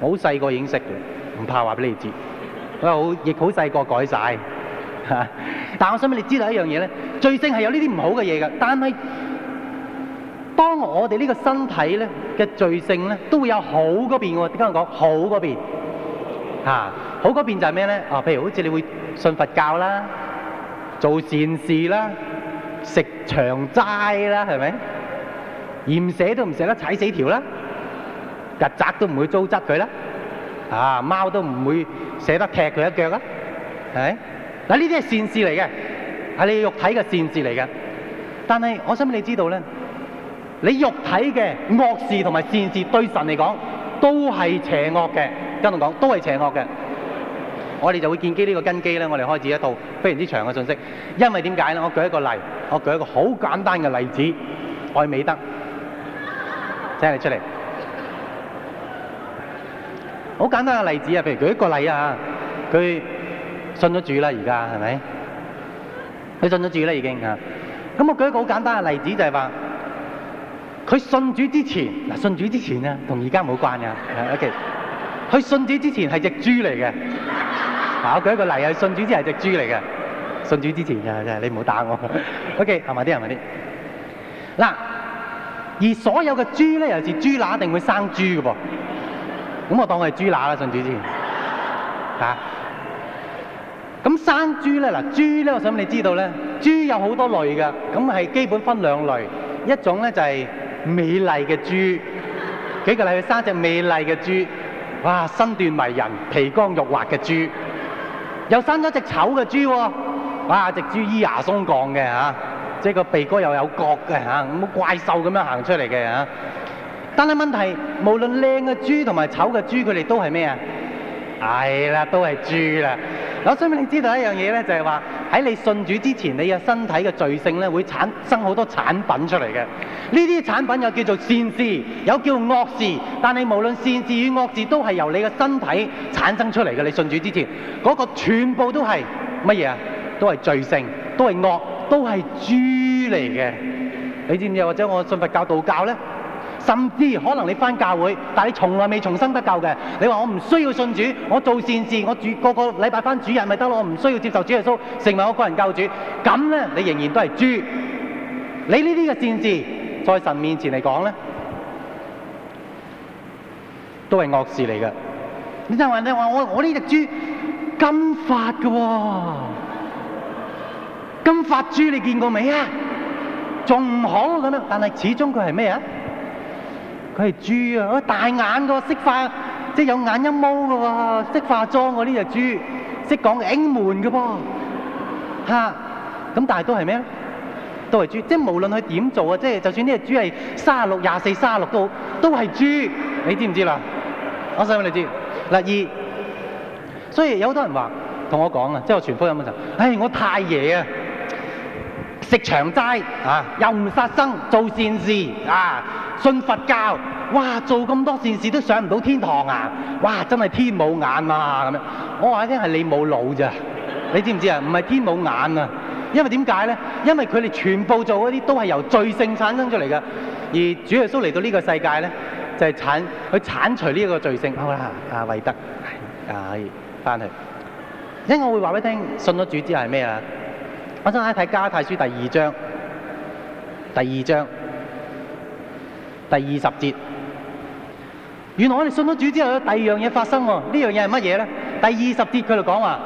好細個已經識嘅，唔怕話俾你知，佢好，亦好細個改晒。嚇。但係我想俾你知道一樣嘢咧，罪性係有呢啲唔好嘅嘢㗎。但係當我哋呢個身體咧嘅罪性咧，都會有好嗰邊喎。點解我講好嗰邊、啊、好嗰邊就係咩咧？哦、啊，譬如好似你會信佛教啦，做善事啦，食長齋啦，係咪？嫌捨都唔捨得踩死條啦～日宅都唔會糟質佢啦，啊貓都唔會捨得踢佢一腳啊，係。嗱，呢啲係善事嚟嘅，係你肉體嘅善事嚟嘅。但係我想俾你知道咧，你肉體嘅惡事同埋善事對神嚟講都係邪惡嘅，跟同講都係邪惡嘅。我哋就會見機呢個根基咧，我哋開始一套非常之長嘅信息。因為點解咧？我舉一個例，我舉一個好簡單嘅例子，愛美德，請你出嚟。好簡單嘅例子啊，譬如舉一個例啊，佢信咗主啦，而家係咪？佢信咗主啦，已經。咁我舉一個好簡單嘅例子，就係話佢信主之前，嗱信主之前啊，同而家冇關㗎。O K，佢信主之前係隻豬嚟嘅。嗱，我舉一個例啊，信主之前係隻豬嚟嘅。信主之前就係你唔好打我。O K，係咪啲？係咪啲？嗱，而所有嘅豬咧，又係豬乸一定會生豬㗎噃。咁我當佢係豬乸啦，順住先嚇。咁、啊、生豬咧，嗱豬咧，我想你知道咧，豬有好多類嘅，咁係基本分兩類，一種咧就係、是、美麗嘅豬，幾個例去生隻美麗嘅豬，哇身段迷人、皮光肉滑嘅豬，又生咗隻醜嘅豬喎，哇隻豬咿牙鬆槓嘅嚇，即係個鼻哥又有角嘅嚇，咁、啊、怪獸咁樣行出嚟嘅嚇。啊但係問題是，無論靚嘅豬同埋醜嘅豬，佢哋都係咩啊？係、哎、啦，都係豬啦。我想俾你知道一樣嘢咧，就係話喺你信主之前，你嘅身體嘅罪性咧會產生好多產品出嚟嘅。呢啲產品又叫做善事，有叫惡事。但係無論善事與惡事，都係由你嘅身體產生出嚟嘅。你信主之前，嗰、那個全部都係乜嘢啊？都係罪性，都係惡，都係豬嚟嘅。你知唔知道？或者我信佛教、道教咧？甚至可能你翻教會，但係你從來未重生得救嘅。你話我唔需要信主，我做善事，我主個個禮拜翻主日咪得咯。我唔需要接受主耶穌，成為我個人救主。咁咧，你仍然都係豬。你呢啲嘅善事，在神面前嚟講咧，都係惡事嚟嘅。你就話你話我我呢隻豬金髮㗎喎，金髮、哦、豬你見過未啊？仲唔好咁啦，但係始終佢係咩啊？佢係豬啊！大眼個，識化即係有眼一毛個喎，識化妝個呢隻豬，識講英文嘅噃嚇。咁但係都係咩咧？都係豬。即係無論佢點做啊，即係就算呢隻豬係卅六廿四卅六都好，都係豬。你知唔知啦？我想問你知嗱二。所以有好多人話同我講啊，即係我傳福音嗰陣。唉，我太爺啊，食長齋啊，又唔殺生，做善事啊。信佛教，哇！做咁多善事都上唔到天堂啊！哇！真係天冇眼啊！咁樣。我話你聽係你冇腦咋，你知唔知啊？唔係天冇眼啊，因為點解呢？因為佢哋全部做嗰啲都係由罪性產生出嚟噶，而主耶穌嚟到呢個世界呢，就係、是、剷去剷除呢一個罪性。好啦，阿偉德，啊，翻、哎、去。因我會話俾你聽，信咗主之後係咩啊？我想睇加太書第二章，第二章。第二十節，原來我哋信咗主之後，有第二樣嘢發生喎。呢樣嘢係乜嘢呢？第二十節佢就講話，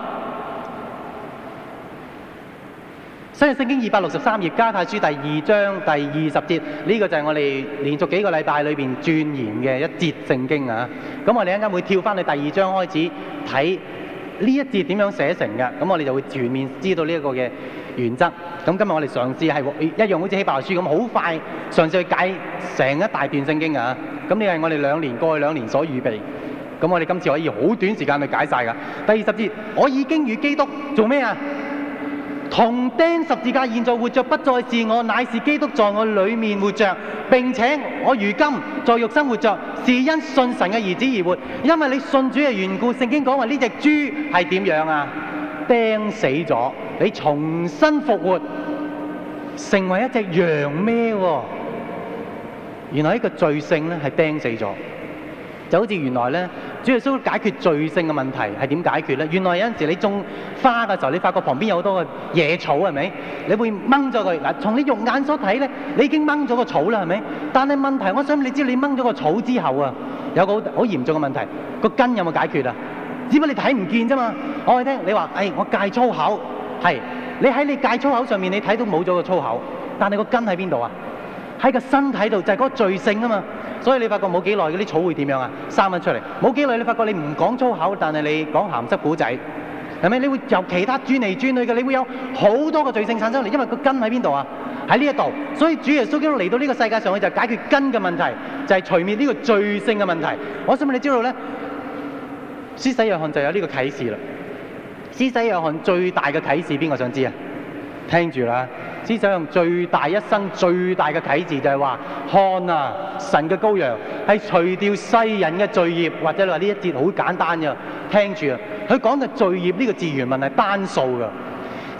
新以聖經二百六十三頁加太書第二章第二十節，呢個就係我哋連續幾個禮拜裏邊鑽研嘅一節聖經啊。咁我哋一陣間會跳翻去第二章開始睇呢一節點樣寫成嘅，咁我哋就會全面知道呢個嘅。原則，咁今日我哋嘗試係一樣，好似希伯來書咁，好快嘗試去解成一大段聖經啊！咁呢係我哋兩年過去兩年所預備，咁我哋今次可以好短時間去解晒㗎。第二十節，我已經與基督做咩啊？同釘十字架，現在活着，不再是我，乃是基督在我裏面活着。並且我如今在肉身活着，是因信神嘅兒子而活。因為你信主嘅緣故，聖經講話呢隻豬係點樣啊？釘死咗。你重新復活，成為一隻羊咩、哦？原來呢個罪性咧係釘死咗，就好似原來咧，主耶穌解決罪性嘅問題係點解決咧？原來有陣時你種花嘅時候，你發覺旁邊有好多嘅野草係咪？你會掹咗佢嗱，從你肉眼所睇咧，你已經掹咗個草啦係咪？但係問題，我想你知道你掹咗個草之後啊，有個好嚴重嘅問題，個根有冇解決啊？只不過你睇唔見啫嘛。我哋聽你話，誒、哎，我戒粗口。係，你喺你戒粗口上面，你睇到冇咗個粗口，但係個根喺邊度啊？喺個身體度就係、是、嗰個罪性啊嘛。所以你發覺冇幾耐嗰啲草會點樣啊？生咗出嚟。冇幾耐你發覺你唔講粗口，但係你講鹹濕古仔，係咪？你會由其他轉嚟轉去嘅，你會有好多個罪性產生嚟。因為個根喺邊度啊？喺呢一度。所以主耶穌基督嚟到呢個世界上去就解決根嘅問題，就係除滅呢個罪性嘅問題。我想問你知道咧？施洗約翰就有呢個啟示啦。施洗約翰最大嘅啟示，邊個想知啊？聽住啦，施洗約翰最大一生最大嘅啟示就係話看啊，神嘅羔羊係除掉世人嘅罪孽，或者話呢一節好簡單嘅，聽住啊，佢講嘅罪孽呢個字原文係單數噶。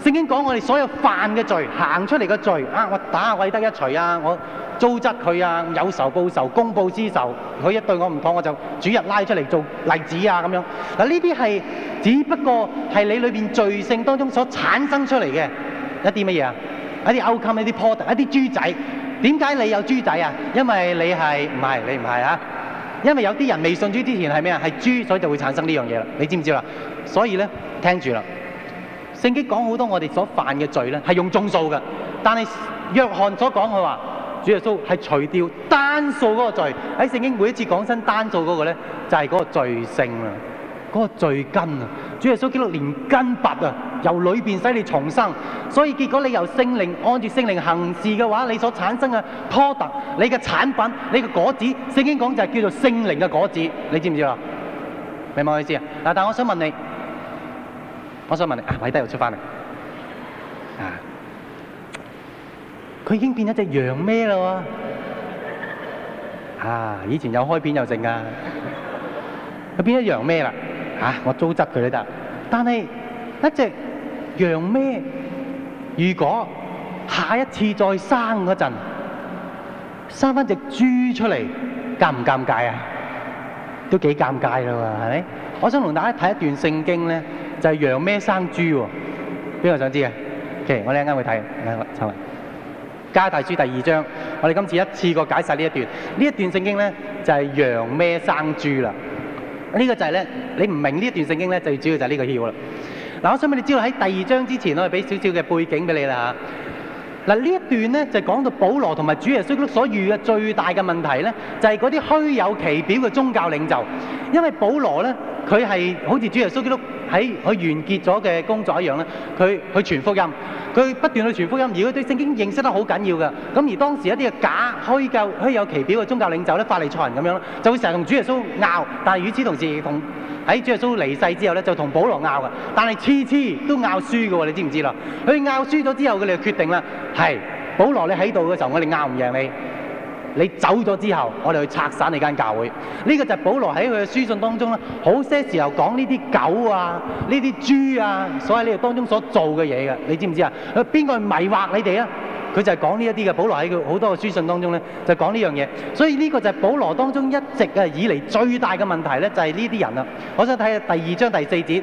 正經講，我哋所有犯嘅罪，行出嚟嘅罪啊！我打阿偉德一錘啊！我糟質佢啊！有仇報仇，公報私仇。佢一對我唔妥，我就主日拉出嚟做例子啊！咁樣嗱，呢啲係只不過係你裏邊罪性當中所產生出嚟嘅一啲乜嘢啊？一啲 outcome，一啲 product，一啲豬仔。點解你有豬仔啊？因為你係唔係你唔係啊？因為有啲人未信主之前係咩啊？係豬，所以就會產生呢樣嘢啦。你知唔知啊？所以咧，聽住啦。聖經講好多我哋所犯嘅罪咧，係用眾數嘅。但係約翰所講，佢話主耶穌係除掉單數嗰個罪。喺聖經每一次講新單數嗰、那個咧，就係、是、嗰個罪性啊，嗰、那個罪根啊。主耶穌基督連根拔啊，由裏邊使你重生。所以結果你由聖靈按住聖靈行事嘅話，你所產生嘅 product，你嘅產品，你嘅果子，聖經講就係叫做聖靈嘅果子。你知唔知啊？明唔明我意思啊？嗱，但係我想問你。我想問你，阿偉低又出翻嚟，啊，佢已經變咗隻羊咩啦喎！啊，以前又開片又剩噶，佢變咗羊咩啦嚇？我糟質佢都得，但係一隻羊咩？如果下一次再生嗰陣，生翻隻豬出嚟，尷唔尷尬啊？都幾尷尬咯喎，係咪？我想同大家睇一段聖經咧。就係羊咩生豬喎？邊個想知啊？OK，我哋啱啱去睇，睇下插雲加大書第二章。我哋今次一次過解曬呢一段。呢一段聖經咧，就係羊咩生豬啦。呢個就係咧，你唔明呢一段聖經咧，最主要就係呢個竅啦。嗱，我想俾你知道，喺第二章之前，我哋俾少少嘅背景俾你啦嚇。嗱，呢一段咧就講到保羅同埋主耶穌所遇嘅最大嘅問題咧，就係嗰啲虛有其表嘅宗教領袖，因為保羅咧。佢係好似主耶穌基督喺佢完結咗嘅工作一樣咧，佢去傳福音，佢不斷去傳福音，而佢對聖經認識得好緊要嘅。咁而當時一啲嘅假虛構、虛有其表嘅宗教領袖咧，法利賽人咁樣，就會成日同主耶穌拗。但係與此同時，同喺主耶穌離世之後咧，就同保羅拗嘅。但係次次都拗輸嘅喎，你知唔知啦？佢拗輸咗之後，佢哋決定啦，係保羅你喺度嘅時候，我哋拗唔贏你。你走咗之後，我哋去拆散你間教會。呢個就係保羅喺佢嘅書信當中咧，好些時候講呢啲狗啊、呢啲豬啊，所謂呢度當中所做嘅嘢嘅，你知唔知啊？邊個係迷惑你哋啊？佢就係講呢一啲嘅。保羅喺佢好多嘅書信當中咧，就講呢樣嘢。所以呢個就係保羅當中一直啊以嚟最大嘅問題咧，就係呢啲人啊。我想睇下第二章第四節。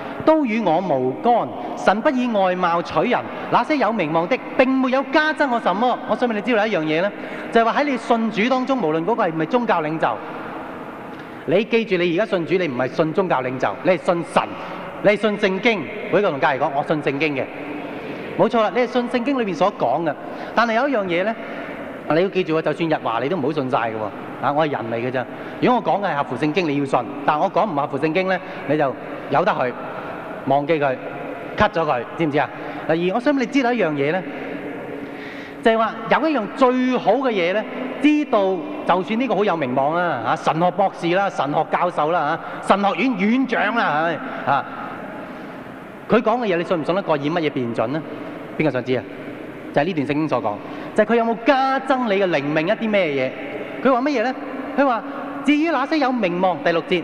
都與我無干，神不以外貌取人。那些有名望的並沒有加增我什麼。我想問你知道一樣嘢呢，就係話喺你信主當中，無論嗰個係唔係宗教領袖，你記住你而家信主，你唔係信宗教領袖，你係信神，你係信聖經。我個同佳怡講，我信聖經嘅，冇錯啦，你係信聖經裏面所講嘅。但係有一樣嘢呢，你要記住就算日話你都唔好信晒嘅喎。我係人嚟嘅咋？如果我講嘅係合乎聖經，你要信；但我講唔合乎聖經呢，你就由得佢。忘記佢，cut 咗佢，知唔知啊？第二，我想畀你知道一樣嘢呢，就係、是、話有一樣最好嘅嘢呢，知道就算呢個好有名望啊，神學博士啦，神學教授啦，神學院院長啦，啊，佢講嘅嘢你信唔信得過？以乜嘢標準咧？邊個想知啊？就係、是、呢段聖經所講，就係、是、佢有冇加增你嘅靈命一啲咩嘢？佢話乜嘢呢？佢話至於那些有名望，第六節。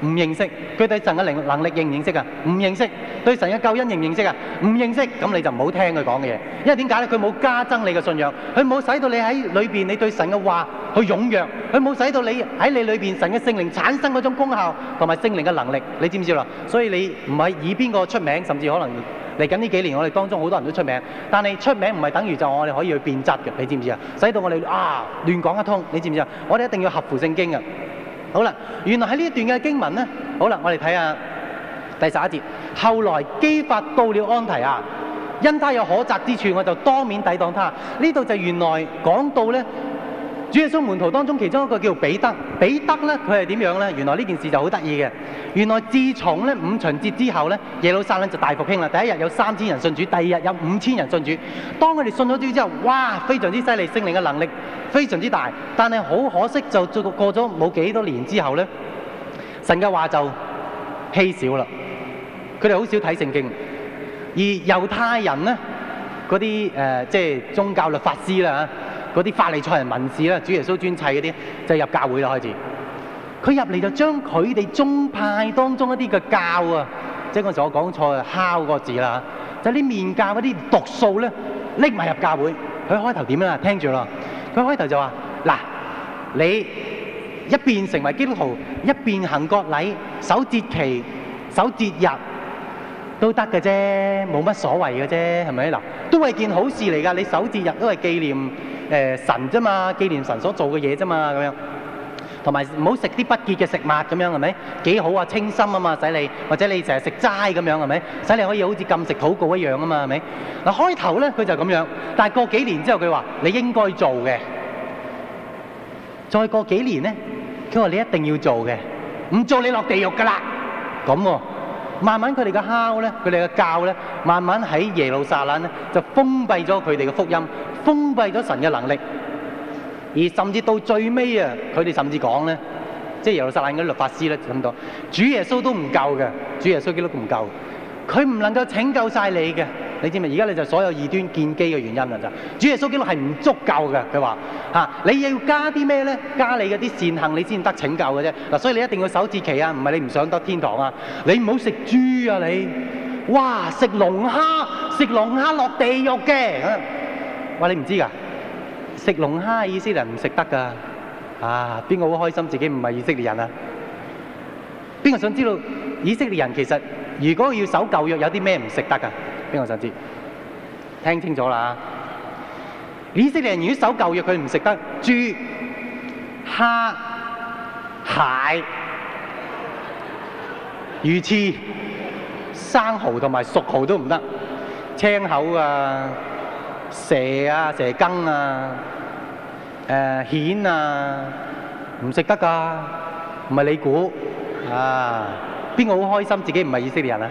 唔認識，佢對神嘅能能力認唔認識啊？唔認識，對神嘅救恩認唔認識啊？唔認識，咁你就唔好聽佢講嘅嘢，因為點解咧？佢冇加增你嘅信仰，佢冇使到你喺裏邊，你對神嘅話去踴躍，佢冇使到你喺你裏邊神嘅聖靈產生嗰種功效同埋聖靈嘅能力，你知唔知啦？所以你唔係以邊個出名，甚至可能嚟緊呢幾年我哋當中好多人都出名，但係出名唔係等於就我哋可以去變質嘅，你知唔知啊？使到我哋啊亂講一通，你知唔知啊？我哋一定要合乎聖經嘅。好啦，原來喺呢一段嘅經文呢。好啦，我哋睇下第十一節，後來基法到了安提亞，因他有可責之處，我就當面抵擋他。呢度就原來講到呢。主耶穌門徒當中其中一個叫彼得，彼得咧佢係點樣咧？原來呢件事就好得意嘅。原來自從咧五旬節之後咧，耶路撒冷就大復興啦。第一日有三千人信主，第二日有五千人信主。當佢哋信咗主之後，哇，非常之犀利，聖靈嘅能力非常之大。但係好可惜，就過過咗冇幾多年之後咧，神嘅話就稀少啦。佢哋好少睇聖經，而猶太人咧嗰啲誒，即係宗教律法師啦啊。嗰啲法利賽人文字啦，主耶穌專砌嗰啲，就入教會啦。開始佢入嚟就將佢哋宗派當中一啲嘅教啊，即係陣時我講錯敲個字啦，就啲麵教嗰啲毒素咧，拎埋入教會。佢開頭點樣啊？聽住咯。佢開頭就話：嗱，你一邊成為基督徒，一邊行國禮、守節期、守節日都得嘅啫，冇乜所謂嘅啫，係咪？嗱，都係件好事嚟㗎。你守節日都係紀念。誒神啫嘛，紀念神所做嘅嘢啫嘛。咁樣同埋唔好食啲不潔嘅食物咁樣係咪？幾好啊，清心啊嘛，使你或者你成日食齋咁樣係咪？使你可以好似禁食禱告一樣啊嘛係咪？嗱，開頭咧佢就係咁樣，但係過幾年之後佢話你應該做嘅，再過幾年咧佢話你一定要做嘅，唔做你落地獄㗎啦。咁喎。慢慢佢哋嘅敲呢，佢哋嘅教呢，慢慢喺耶路撒冷呢，就封閉咗佢哋嘅福音，封閉咗神嘅能力，而甚至到最尾啊，佢哋甚至講呢，即係耶路撒冷嘅律法師咧諗到，主耶穌都唔夠嘅，主耶穌基督唔夠，佢唔能夠拯救曬你嘅。你知咪？而家你就所有異端見機嘅原因啦，咋主耶穌記錄係唔足夠嘅。佢話、吓、你又要加啲咩咧？加你嗰啲善行，你先得拯救嘅啫。嗱，所以你一定要守節期啊！唔係你唔想得天堂啊！你唔好食豬啊！你哇，食龍蝦，食龍蝦落地獄嘅。哇、啊！你唔知噶、啊？食龍蝦以色列人唔食得噶。啊！邊個好開心？自己唔係以色列人啊？邊個想知道以色列人其實如果要守舊約有啲咩唔食得噶？邊個想知？聽清楚啦！以色列人如果守舊約，佢唔食得豬、蝦、蟹、魚翅、生蠔同埋熟蠔都唔得。青口啊、蛇啊、蛇羹啊、誒蜆啊，唔食得㗎。唔係你估啊？邊個好開心？自己唔係以色列人啊？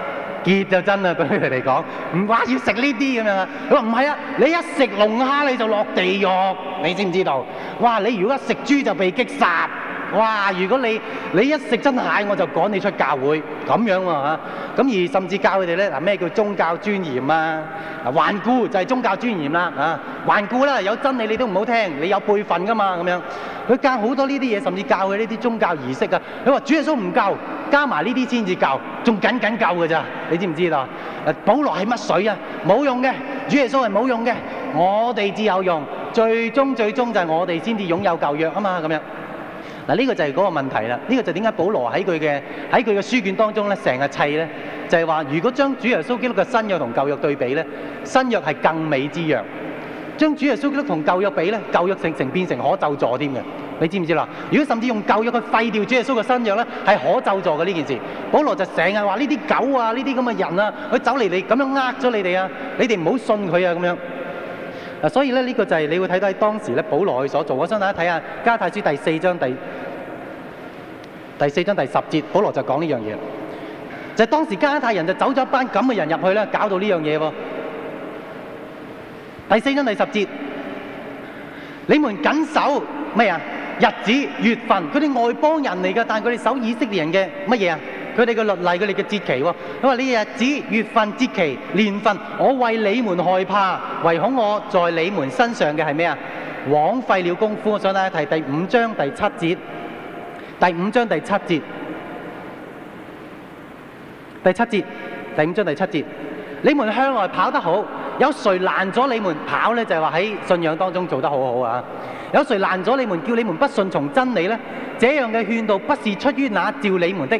結就真啦，對於佢哋嚟講，唔話要食呢啲咁樣啊！佢話唔係啊，你一食龍蝦你就落地獄，你知唔知道？哇！你如果一食豬就被擊殺。哇！如果你你一食真蟹，我就趕你出教會咁樣喎、啊、咁而甚至教佢哋咧，嗱咩叫宗教尊嚴啊？嗱，頑固就係宗教尊嚴啦、啊、嚇。頑固啦、啊，有真理你都唔好聽，你有輩分噶嘛咁樣。佢教好多呢啲嘢，甚至教佢呢啲宗教儀式噶。佢話主耶穌唔夠，加埋呢啲先至夠，仲僅僅夠㗎咋？你知唔知道？保羅係乜水啊？冇用嘅，主耶穌係冇用嘅，我哋至有用。最終最終就係我哋先至擁有舊約啊嘛咁樣。嗱、這、呢個就係嗰個問題啦！呢、這個就點解保羅喺佢嘅喺佢嘅書卷當中咧，成日砌咧，就係、是、話如果將主耶穌基督嘅新約同舊約對比咧，新約係更美之約；將主耶穌基督同舊約比咧，舊約性成變成，成，成，成，成可咒詛添嘅。你知唔知啦？如果甚至用舊約去廢掉主耶穌嘅新約咧，係可咒詛嘅呢件事。保羅就成日話呢啲狗啊，呢啲咁嘅人啊，佢走嚟你咁樣呃咗你哋啊，你哋唔好信佢啊咁樣。嗱，所以咧呢個就係你會睇到喺當時咧，保羅去所做。我想大家睇下加太書第四章第，第四章第十節，保羅就講呢樣嘢。就係當時加太人就走咗一班咁嘅人入去咧，搞到呢樣嘢喎。第四章第十節，你們緊守咩啊？日子、月份，佢哋外邦人嚟嘅，但係佢哋守以色列人嘅乜嘢啊？佢哋嘅律例，佢哋嘅節期喎，佢話呢日子、月份、節期、年份，我為你們害怕，唯恐我在你們身上嘅係咩啊？枉費了功夫。我想大家睇第五章第七節，第五章第七節，第七節，第五章第七節。你們向外跑得好，有誰攔咗你們跑呢？就係話喺信仰當中做得好好啊！有誰攔咗你們，叫你們不順從真理呢？這樣嘅勸導不是出於那召你們的。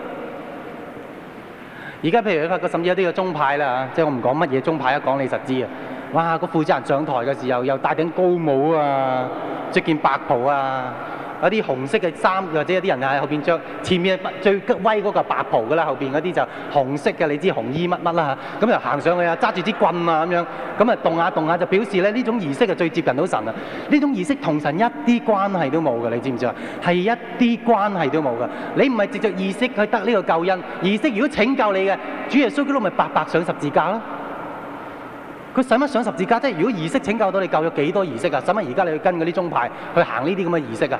而家譬如你發覺，甚至有啲嘅宗派啦，即係我唔講乜嘢宗派啦，講你實知啊！哇，個負責人上台嘅時候，又戴頂高帽啊，着件白袍啊。有啲紅色嘅衫，或者有啲人喺後邊着，前面最威嗰個白袍噶啦，後邊嗰啲就紅色嘅，你知紅衣乜乜啦嚇。咁又行上去啊，揸住支棍啊咁樣，咁啊動下動下就表示咧呢種儀式係最接近到神啊。呢種儀式同神一啲關係都冇嘅，你知唔知啊？係一啲關係都冇嘅。你唔係藉著儀式去得呢個救恩，儀式如果拯救你嘅，主耶穌基督咪白白上十字架啦？佢使乜上十字架？即係如果儀式拯救到你，救咗幾多儀式啊？使乜而家你去跟嗰啲宗派去行呢啲咁嘅儀式啊？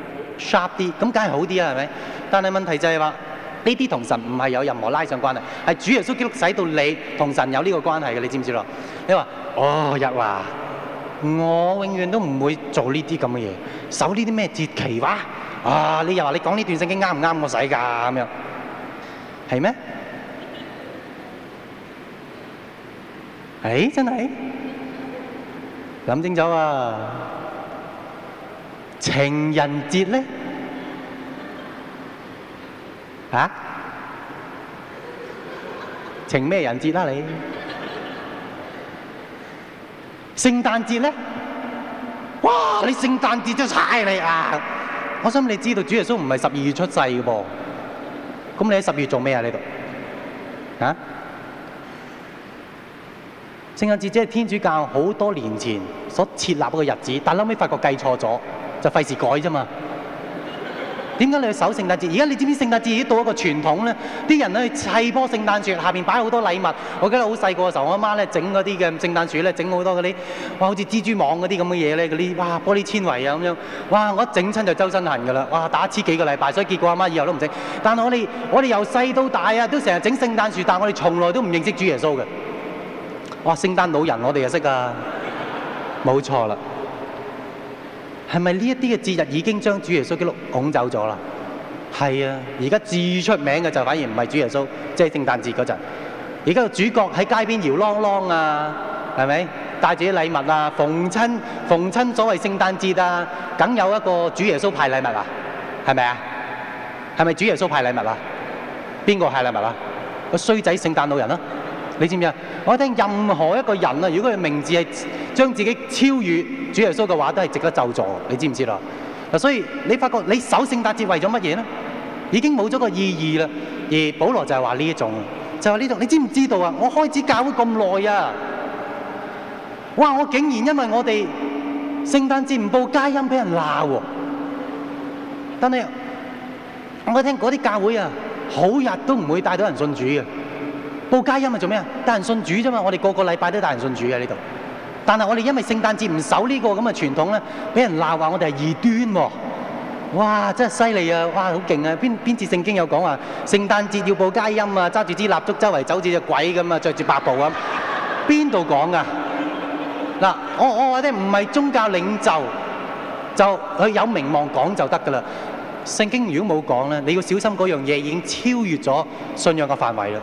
sharp 啲咁梗係好啲啦，係咪？但係問題就係話呢啲同神唔係有任何拉上關係，係主耶穌基督使到你同神有呢個關係嘅，你知唔知咯？你話哦，日華，我永遠都唔會做呢啲咁嘅嘢，守呢啲咩節期哇？啊，你又話你講呢段聖經啱唔啱我使㗎咁樣，係咩？誒，真係諗清楚啊！情人節咧，啊？情咩人節啦，啊？你聖誕節咧？哇！你聖誕節就踩你啊！我想你知道，主耶穌唔係十二月出世嘅噃。咁你喺十二月做咩啊？呢度啊？聖誕節即係天主教好多年前所設立嗰個日子，但係後尾發覺計錯咗。就費事改啫嘛？點解你去守聖誕節？而家你知唔知聖誕節已經到一個傳統咧？啲人咧砌棵聖誕樹，下邊擺好多禮物。我記得好細個嘅時候，我阿媽咧整嗰啲嘅聖誕樹咧，整好多嗰啲哇，好似蜘蛛網嗰啲咁嘅嘢咧，嗰啲哇玻璃纖維啊咁樣。哇！我一整親就周身痕噶啦。哇！打黐幾個禮拜，所以結果阿媽，媽以後都唔整。但係我哋我哋由細到大啊，都成日整聖誕樹，但係我哋從來都唔認識主耶穌嘅。哇！聖誕老人我哋又識啊！冇錯啦。係咪呢一啲嘅節日已經將主耶穌嘅路拱走咗啦？係啊，而家至出名嘅就反而唔係主耶穌，即係聖誕節嗰陣。而家個主角喺街邊搖啷啷啊，係咪帶住啲禮物啊？逢親逢親所謂聖誕節啊，梗有一個主耶穌派禮物啊，係咪啊？係咪主耶穌派禮物啊？邊個派禮物啊？個衰仔聖誕老人啊？你知唔知啊？我聽任何一個人啊，如果佢名字係將自己超越主耶穌嘅話，都係值得就助。你知唔知啦？嗱，所以你發覺你守聖誕節為咗乜嘢咧？已經冇咗個意義啦。而保羅就係話呢一種，就係呢種。你知唔知道啊？我開始教會咁耐啊，哇！我竟然因為我哋聖誕節唔報佳音，俾人鬧啊。但係我聽嗰啲教會啊，好日都唔會帶到人信主嘅。報佳音係做咩啊？帶人信主啫嘛！我哋個個禮拜都帶人信主嘅呢度。但係我哋因為聖誕節唔守呢個咁嘅傳統咧，俾人鬧話我哋係異端喎！哇！真係犀利啊！哇！好勁啊！邊邊次聖經有講話、啊、聖誕節要報佳音啊？揸住支蠟燭周圍走似隻鬼咁啊，着住白布咁。邊度講噶？嗱，我我我哋唔係宗教領袖，就佢有名望講就得噶啦。聖經如果冇講咧，你要小心嗰樣嘢已經超越咗信仰嘅範圍啦。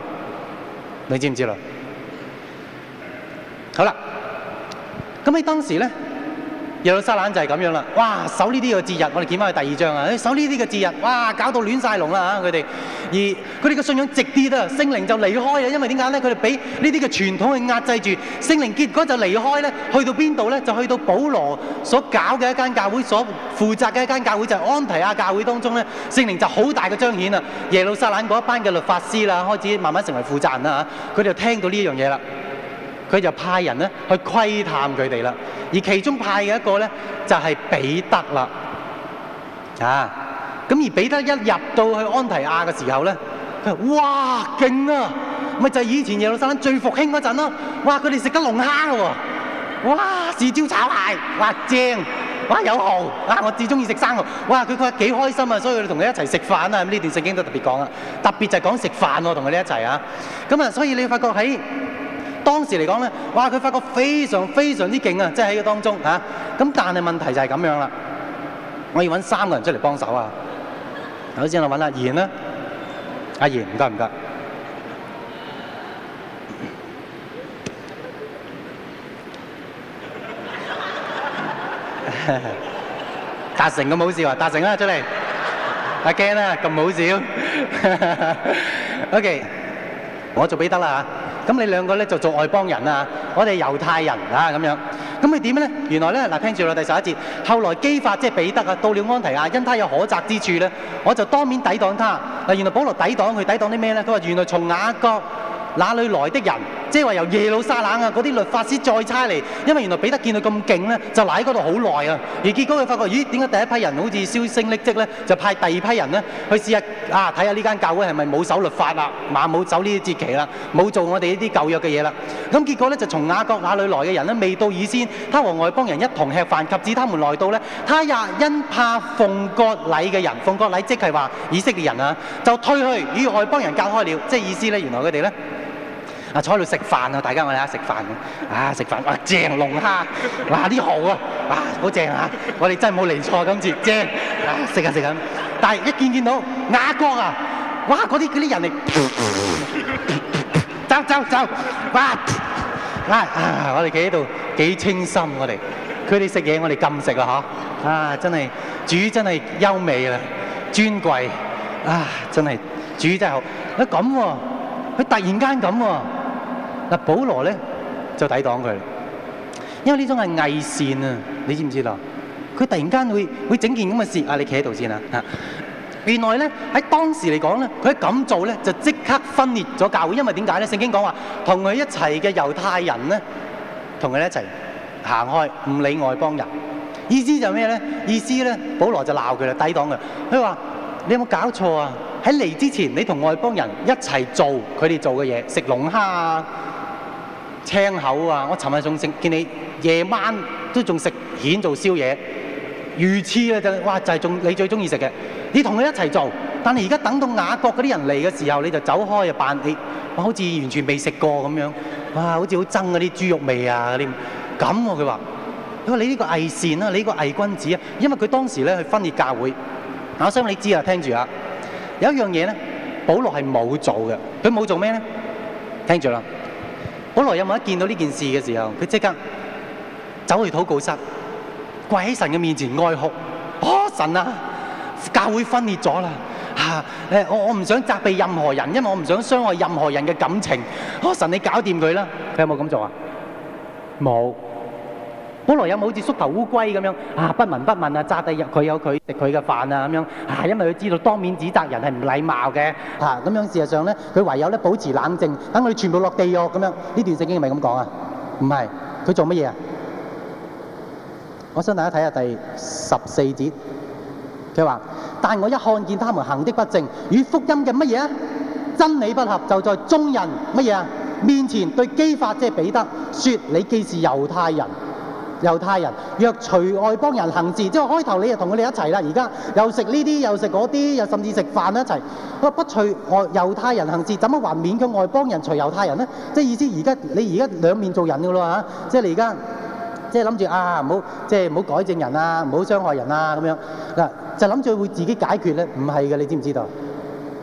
你知唔知道？好啦，咁喺當時呢。耶路撒冷就係這樣啦，哇！守呢啲個節日，我哋見翻去第二章啊！守呢啲嘅節日，哇！搞到亂晒龍啦嚇佢哋，而佢哋嘅信仰直啲都，聖靈就離開了，因為點解呢？佢哋畀呢啲嘅傳統去壓制住，聖靈結果就離開咧，去到邊度呢？就去到保羅所搞嘅一間教會，所負責嘅一間教會就係安提阿教會當中呢，聖靈就好大嘅彰顯啊！耶路撒冷嗰一班嘅律法師啦，開始慢慢成為負責人啦嚇，佢哋聽到呢一樣嘢啦。佢就派人咧去窺探佢哋啦，而其中派嘅一個咧就係彼得啦，啊，咁而彼得一入到去安提亞嘅時候咧，佢話：哇，勁啊！咪就係以前耶路撒冷最復興嗰陣咯，哇！佢哋食得龍蝦喎，哇！豉椒炒蟹，哇正，哇有蠔啊！我至中意食生蚝，哇！佢覺得幾開心啊，所以佢哋同佢一齊食飯啊，咁呢段聖經都特別講啊，特別就係講食飯喎，同佢哋一齊啊，咁啊，所以你發覺喺當時嚟講咧，哇！佢發覺非常非常之勁啊，即係喺個當中嚇。咁但係問題就係咁樣啦，我要揾三個人出嚟幫手啊。首先我揾啦，葉呢？阿葉唔得唔得。達成咁好笑啊！達成啦出嚟。阿驚啦，咁好笑。OK，我做彼得啦嚇。咁你兩個呢就做外邦人啊！我哋猶太人啊咁樣，咁佢點呢？原來呢，嗱，聽住第十一節，後來基法即係彼得啊，到了安提阿，因他有可責之處呢，我就當面抵擋他。原來保羅抵擋佢，他抵擋啲咩呢？佢話原來從雅各哪裏來的人，即係話由耶路撒冷啊，嗰啲律法師再差嚟，因為原來彼得見佢咁勁咧，就賴喺嗰度好耐啊。而結果佢發覺，咦，點解第一批人好似銷聲匿跡咧？就派第二批人咧去試下啊，睇下呢間教會係咪冇守律法啊，嘛，冇走呢啲節期啦，冇做我哋呢啲舊約嘅嘢啦。咁結果咧就從雅各哪裏來嘅人咧，未到以先，他和外邦人一同吃飯，及至他們來到咧，他也因怕奉割禮嘅人，奉割禮即係話以色列人啊，就退去與外邦人隔開了。即係意思咧，原來佢哋咧。啊！坐喺度食飯啊！大家我哋喺度食飯嘅，啊食飯哇！正龍蝦，哇啲蠔啊！哇好正啊！我哋真係冇嚟錯今次，正食啊食啊！但係一見見到眼光啊，哇！嗰啲嗰啲人嚟，走走走，哇！啊啊！我哋企喺度幾清新，我哋佢哋食嘢，我哋禁食啦嗬！啊，真係煮真係優美啦，尊貴啊，真係煮真係好。佢咁喎，佢突然間咁喎。嗱，保羅咧就抵擋佢，因為呢種係偽善啊！你知唔知啦？佢突然間會會整件咁嘅事啊！你企喺度先啊！原來咧喺當時嚟講咧，佢喺咁做咧就即刻分裂咗教會，因為點解咧？聖經講話同佢一齊嘅猶太人咧，同佢一齊行開，唔理外邦人。意思就係咩咧？意思咧，保羅就鬧佢啦，抵擋佢。佢話：你有冇搞錯啊？喺嚟之前，你同外邦人一齊做佢哋做嘅嘢，食龍蝦啊！青口啊！我尋日仲食見你夜晚都仲食蜆做宵夜，魚翅啊，哇就哇就係仲你最中意食嘅。你同佢一齊做，但係而家等到雅各嗰啲人嚟嘅時候，你就走開啊！扮你哇，好似完全未食過咁樣，哇，好似好憎嗰啲豬肉味啊嗰啲咁喎。佢話：這啊、他說他說佢話佢話你呢個偽善啊，你呢個偽君子啊！因為佢當時咧去分裂教會，啊、我想你知啊，聽住啊，有一樣嘢咧，保羅係冇做嘅，佢冇做咩咧？聽住啦。本來有冇一見到呢件事嘅時候，佢即刻走去禱告室，跪喺神嘅面前哀哭。哦，神啊，教會分裂咗啦！吓，誒，我我唔想責備任何人，因為我唔想傷害任何人嘅感情。哦，神，你搞掂佢啦！佢有冇咁做啊？冇。本來有冇好似縮頭烏龜咁樣不聞不問啊！揸低入佢有佢食佢嘅飯啊！咁樣啊，因為佢知道當面指責人係唔禮貌嘅嚇咁樣。事實上呢，佢唯有呢保持冷靜，等佢全部落地喎。咁樣。呢段聖經係咪咁講啊？唔係佢做乜嘢啊？我想大家睇下第十四節，佢話：但我一看見他們行的不正，與福音嘅乜嘢真理不合，就在眾人乜嘢面前對基法者彼得說：你既是猶太人。猶太人若隨外邦人行事，即係開頭你就又同佢哋一齊啦。而家又食呢啲，又食嗰啲，又甚至食飯一齊。我話不隨外猶太人行事，怎麼還勉強外邦人隨猶太人呢？即係意思，而家你而家兩面做人㗎啦嘛。即係你而家即係諗住啊，唔好即係唔好改正人啊，唔好傷害人啊咁樣嗱，就諗住會自己解決咧。唔係嘅，你知唔知道？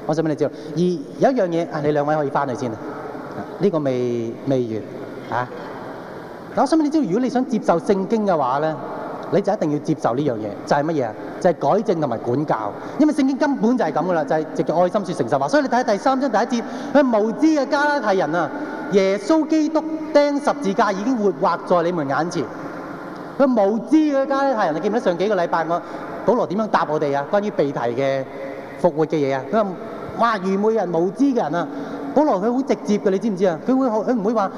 我想俾你知道。而有一樣嘢啊，你兩位可以翻去先。呢、這個未未完啊。我想問你，知道，如果你想接受聖經嘅話咧，你就一定要接受呢樣嘢，就係乜嘢啊？就係改正同埋管教，因為聖經根本就係咁噶啦，就係藉著愛心説誠實話。所以你睇第三章第一節，佢無知嘅加拉太人啊，耶穌基督釘十字架已經活畫在你們眼前。佢無知嘅加拉太人啊，你記唔記得上幾個禮拜我保羅點樣答我哋啊？關於被提嘅復活嘅嘢啊，佢話：哇，愚昧，無知嘅人啊，保羅佢好直接嘅，你知唔知啊？佢會好，佢唔會話。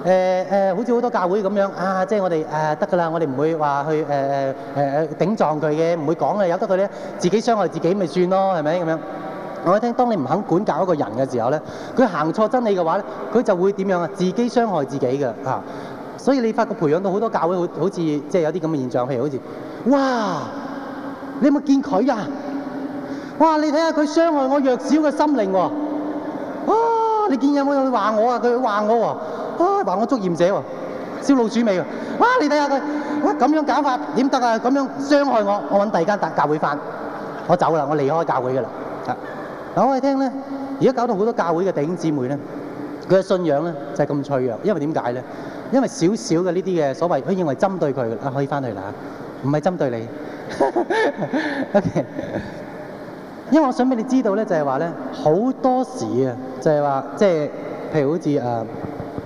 誒、呃、誒、呃，好似好多教會咁樣啊！即係我哋得㗎啦，我哋唔會話去誒誒頂撞佢嘅，唔會講嘅。由得佢咧，自己傷害自己咪算咯，係咪咁樣？我聽，當你唔肯管教一個人嘅時候咧，佢行錯真理嘅話咧，佢就會點樣啊？自己傷害自己嘅嚇。所以你發覺培養到好多教會，好好似即係有啲咁嘅現象，譬如好似哇，你有冇見佢啊？哇！你睇下佢傷害我弱小嘅心靈喎、啊。哇！你見有冇人話我啊？佢話我喎、啊。啊！話我捉嫌者喎，燒老鼠味喎！哇！你睇下佢，哇咁樣搞法點得啊？咁樣傷害我，我揾第二間大教會翻，我走啦，我離開教會嘅啦。啊！我哋聽咧，而家搞到好多教會嘅弟兄姊妹咧，佢嘅信仰咧就係咁脆弱，因為點解咧？因為少少嘅呢啲嘅所謂，佢認為針對佢啊，可以翻去啦，唔係針對你。OK。因為我想俾你知道咧，就係話咧，好多時啊，就係話即係譬如好似啊。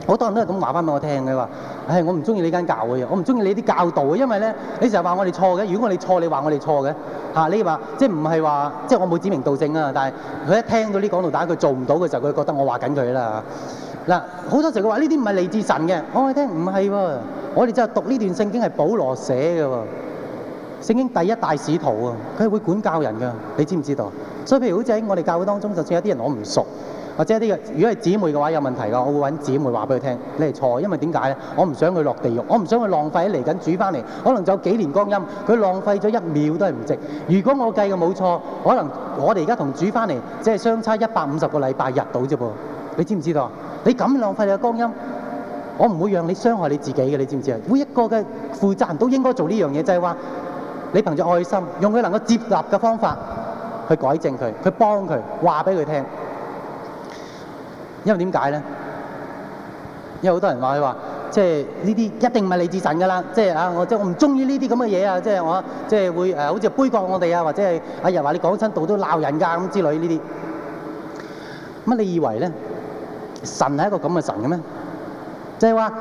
好多人都係咁話翻俾我聽嘅話，唉，我唔中意呢間教會嘅，我唔中意你啲教導，因為咧，你成日話我哋錯嘅，如果我哋錯，你話我哋錯嘅，嚇、啊、你話即係唔係話即係我冇指名道姓啊？但係佢一聽到呢講道佢做唔到打，佢做唔到嘅時候，佢覺得我話緊佢啦。嗱，好多時佢話呢啲唔係嚟自神嘅，我話聽唔係喎，我哋即係讀呢段聖經係保羅寫嘅喎，聖經第一大使徒啊，佢係會管教人噶，你知唔知道？所以譬如好似喺我哋教會當中，就算有啲人我唔熟。或者一啲嘅，如果係姊妹嘅話，有問題嘅，我會搵姊妹話俾佢聽，你係錯，因為點解咧？我唔想佢落地獄，我唔想佢浪費喺嚟緊煮翻嚟，可能就幾年光陰，佢浪費咗一秒都係唔值。如果我計嘅冇錯，可能我哋而家同煮翻嚟，只係相差一百五十個禮拜日到啫噃。你知唔知道啊？你咁浪費嘅光陰，我唔會讓你傷害你自己嘅，你知唔知啊？每一個嘅負責人都應該做呢樣嘢，就係話你憑住愛心，用佢能夠接納嘅方法去改正佢，去幫佢話俾佢聽。因為點解咧？因為好多人話佢話，即係呢啲一定唔係理智神㗎喇，即係啊，我即係我唔中意呢啲咁嘅嘢啊，即係我即係會誒，好似杯葛我哋啊，或者係啊人話你講親道都鬧人㗎咁之類呢啲。乜你以為咧？神係一個咁嘅神嘅咩？就係話，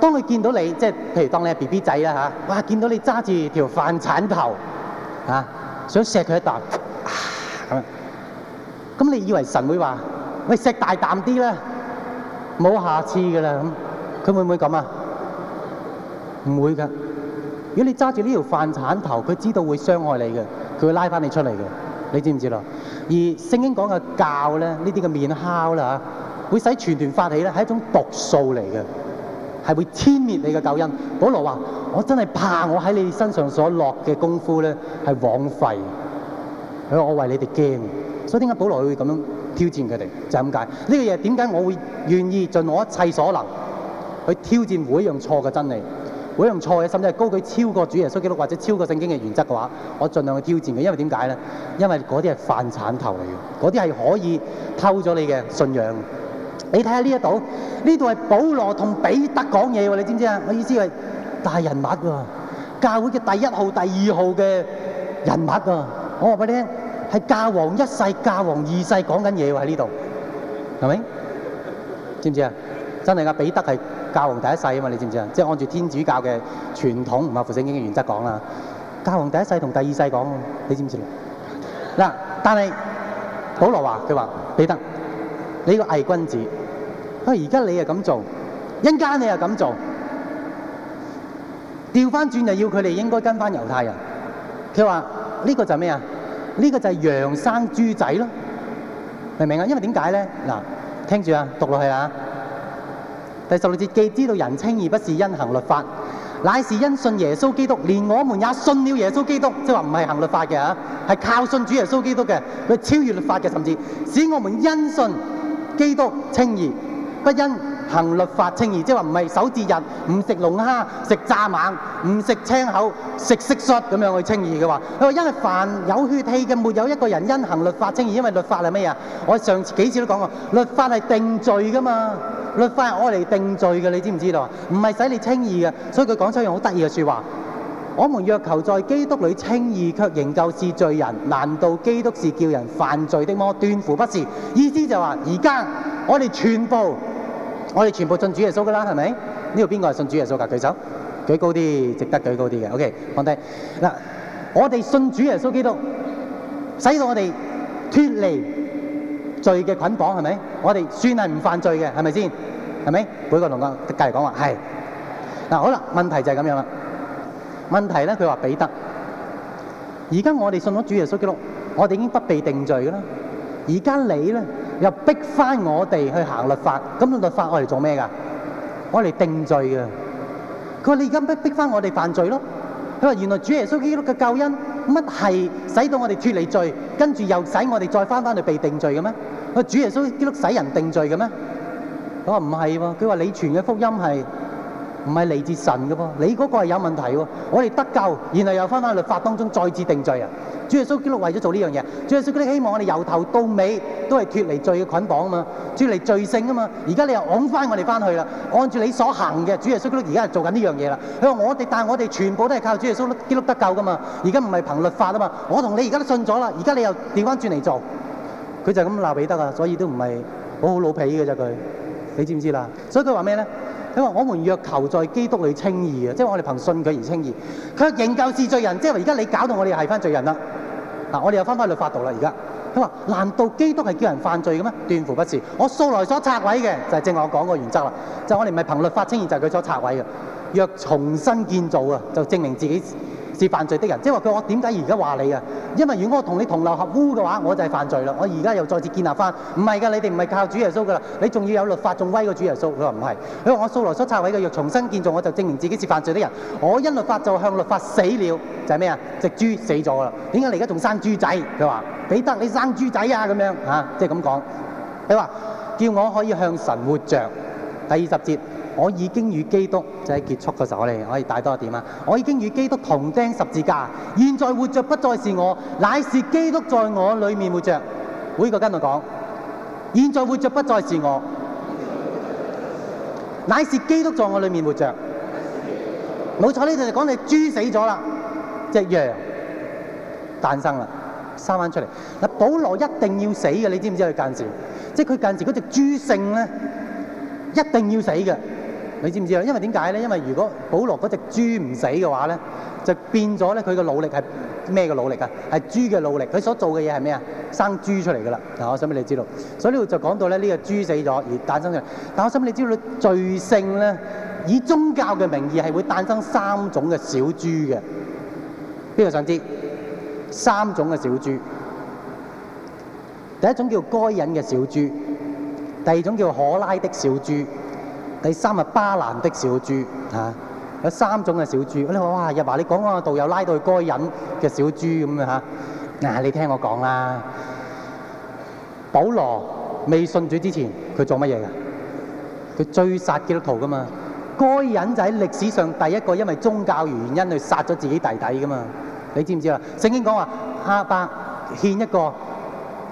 當佢見到你，即係譬如當你係 B B 仔啦嚇，哇！見到你揸住條飯鏟頭啊，想錫佢一啖咁。咁你以為神會話？你食大啖啲啦，冇下次噶啦咁，佢會唔會咁啊？唔會噶，如果你揸住呢條飯鏟頭，佢知道會傷害你嘅，佢會拉翻你出嚟嘅，你知唔知咯？而聖經講嘅教咧，呢啲嘅麵酵啦嚇，會使全團發起咧，係一種毒素嚟嘅，係會殲滅你嘅救恩。保羅話：我真係怕我喺你身上所落嘅功夫咧係枉費，佢話：我為你哋驚，所以點解保羅會咁樣？挑戰佢哋就係咁解。呢個嘢點解我會願意盡我一切所能去挑戰每一樣錯嘅真理，每一樣錯嘅，甚至係高舉超過主耶穌基督或者超過聖經嘅原則嘅話，我盡量去挑戰佢。因為點解咧？因為嗰啲係飯鏟頭嚟嘅，嗰啲係可以偷咗你嘅信仰。你睇下呢一度，呢度係保羅同彼得講嘢喎，你知唔知啊？我意思係大人物喎，教會嘅第一號、第二號嘅人物啊！我話俾你聽。係教皇一世、教皇二世講緊嘢喺呢度係咪？知唔知啊？真係㗎，彼得係教皇第一世啊嘛！你知唔知啊？即係按住天主教嘅傳統，唔係《復聖經》嘅原則講啦。教皇第一世同第二世講，你知唔知啊？嗱，但係保羅話：佢話彼得，你這個偽君子，佢而家你又咁做，因家你又咁做，調翻轉就要佢哋應該跟返猶太人。佢話呢個就係咩啊？呢、這個就係羊生豬仔囉，明唔明？因為點解呢？聽住啊，讀落去啊。第十六節：既知道人稱義不是因行律法，乃是因信耶穌基督。連我們也信了耶穌基督，即係話唔係行律法嘅啊，係靠信主耶穌基督嘅，佢超越律法嘅，甚至使我們因信基督稱義，不因。行律法稱義，即係話唔係手摺人，唔食龍蝦，食蚱蜢，唔食青口，食蟋蟀咁樣去稱義嘅話，佢話因為凡有血氣嘅，沒有一個人因行律法稱義，因為律法係咩嘢？我上次幾次都講過，律法係定罪嘅嘛，律法係愛嚟定罪嘅，你知唔知道？唔係使你稱義嘅，所以佢講出一樣好得意嘅說話。我們若求在基督裏稱義，卻仍舊是罪人。難道基督是叫人犯罪的麼？斷乎不是。意思就話，而家我哋全部。我哋全部信主耶穌噶啦，係咪？呢度邊個係信主耶穌噶？舉手，舉高啲，值得舉高啲嘅。O.K. 放低。嗱，我哋信主耶穌基督，使到我哋脫離罪嘅捆綁，係咪？我哋算係唔犯罪嘅，係咪先？係咪？每個同學繼續講話。係。嗱，好啦，問題就係咁樣啦。問題呢，佢話彼得，而家我哋信咗主耶穌基督，我哋已經不被定罪噶啦。而家你呢？又逼翻我哋去行律法，咁律法我嚟做咩噶？我嚟定罪嘅。佢話你而家逼逼翻我哋犯罪咯？佢話原來主耶穌基督嘅救恩乜係使到我哋脫離罪，跟住又使我哋再翻翻嚟被定罪嘅咩？佢話主耶穌基督使人定罪嘅咩？佢話唔係喎，佢話你傳嘅福音係唔係嚟自神嘅噃？你嗰個係有問題喎。我哋得救，然後又翻翻律法當中再次定罪啊！主耶穌基督為咗做呢樣嘢，主耶穌基督希望我哋由頭到尾都係脱離罪嘅捆綁嘛，脱離罪性啊嘛。而家你又拱翻我哋翻去，按住你所行嘅，主耶穌基督而家係做緊呢樣嘢啦。佢話我哋，但我哋全部都係靠主耶穌基督得救噶嘛。而家唔係憑律法嘛。我同你而家都信咗啦，而家你又調翻轉嚟做，佢就係咁鬧彼得啊。所以都唔係好好老皮嘅，佢，你知唔知道？所以佢話咩呢？佢話：我們若求在基督裏稱義啊，即係我哋憑信佢而稱義。佢仍舊是罪人，即係話而家你搞到我哋係翻罪人啦。嗱、啊，我哋又翻翻律法度啦。而家佢話：難道基督係叫人犯罪嘅咩？斷乎不是。我素來所拆毀嘅，就係、是、正我講個原則啦。就我哋唔係憑律法稱義，就係佢所拆毀嘅。若重新建造啊，就證明自己。是犯罪的人，即係話佢話我點解而家話你啊？因為如果我同你同流合污嘅話，我就係犯罪了。我而家又再次建立翻，唔係，你哋唔係靠主耶穌㗎啦，你仲要有律法仲威過主耶穌，佢話唔係。因為我掃羅所拆毀嘅要重新建造，我就證明自己是犯罪的人。我因律法就向律法死了，就係咩呀？隻豬死咗啦，點解你而家仲生豬仔？佢話彼得，你生豬仔啊咁樣嚇，即係咁講。佢話叫我可以向神活著。第二十節。我已經與基督就喺，是、結束的時候，我哋可以大多一點。我已經與基督同釘十字架，現在活着不再是我，乃是基督在我裏面活着。每個跟我講，現在活着不再是我，乃是基督在我裏面活着。裏活着裏活着裏活着沒錯，呢度就講你豬死咗啦，隻羊誕生了生翻出嚟。保羅一定要死的，你知唔知佢間字？即係佢間字嗰隻豬性一定要死的。你知唔知道因為點解呢？因為如果保羅嗰隻豬唔死嘅話呢，就變咗咧佢嘅努力係咩嘅努力啊？係豬嘅努力，佢所做嘅嘢係咩啊？生豬出嚟㗎喇！我想俾你知道，所以呢度就講到呢個豬死咗而誕生出嚟。但我想俾你知道，罪性呢，以宗教嘅名義係會誕生三種嘅小豬嘅。邊個想知道？三種嘅小豬，第一種叫該隱嘅小豬，第二種叫可拉的小豬。第三啊，巴蘭的小豬嚇、啊，有三種嘅小豬。我哋話哇，又話你講個導遊拉到去該隱嘅小豬咁樣嚇。嗱、啊，你聽我講啦，保羅未信主之前，佢做乜嘢噶？佢追殺基督徒噶嘛？該隱就喺歷史上第一個因為宗教原因去殺咗自己弟弟噶嘛？你知唔知啊？聖經講話，亞伯獻一個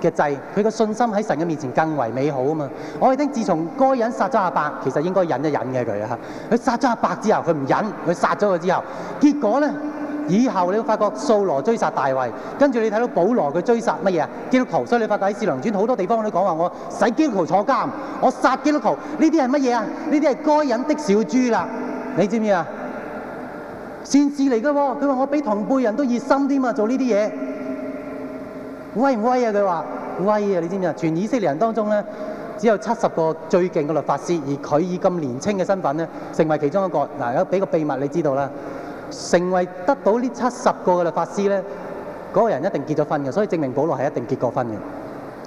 嘅祭，佢嘅信心喺神嘅面前更為美好啊嘛！我哋聽自從該隱殺咗亞伯，其實應該忍一忍嘅佢啊，佢殺咗亞伯之後，佢唔忍，佢殺咗佢之後，結果咧，以後你會發覺掃羅追殺大衛，跟住你睇到保羅佢追殺乜嘢啊？基督徒，所以你發覺喺《使徒行傳》好多地方都講話我使基督徒坐監，我殺基督徒，呢啲係乜嘢啊？呢啲係該隱的小豬啦！你知唔知啊？善事嚟噶喎！佢話我比同輩人都熱心啲嘛，做呢啲嘢。威唔威啊？佢話威啊！你知唔知啊？全以色列人當中咧，只有七十個最勁嘅律法師，而佢以咁年輕嘅身份咧，成為其中一個。嗱，有俾個秘密你知道啦。成為得到呢七十個嘅律法師咧，嗰個人一定結咗婚嘅，所以證明保羅係一定結過婚嘅。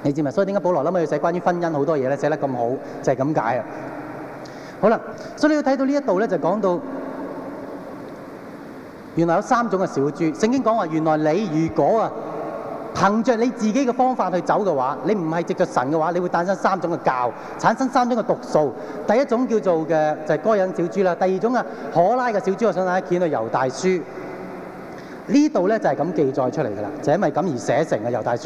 你知唔知啊？所以點解保羅諗起要寫關於婚姻好多嘢咧，寫得咁好就係咁解啊！好啦，所以你要睇到呢一度咧，就講到原來有三種嘅小豬。聖經講話，原來你如果啊～憑着你自己嘅方法去走嘅話，你唔係藉着神嘅話，你會誕生三種嘅教，產生三種嘅毒素。第一種叫做嘅就係該隱小豬啦。第二種啊，可拉嘅小豬，我想大家見到《猶大書》，呢度咧就係咁記載出嚟嘅啦，就係、因為咁而寫成嘅《猶大書》。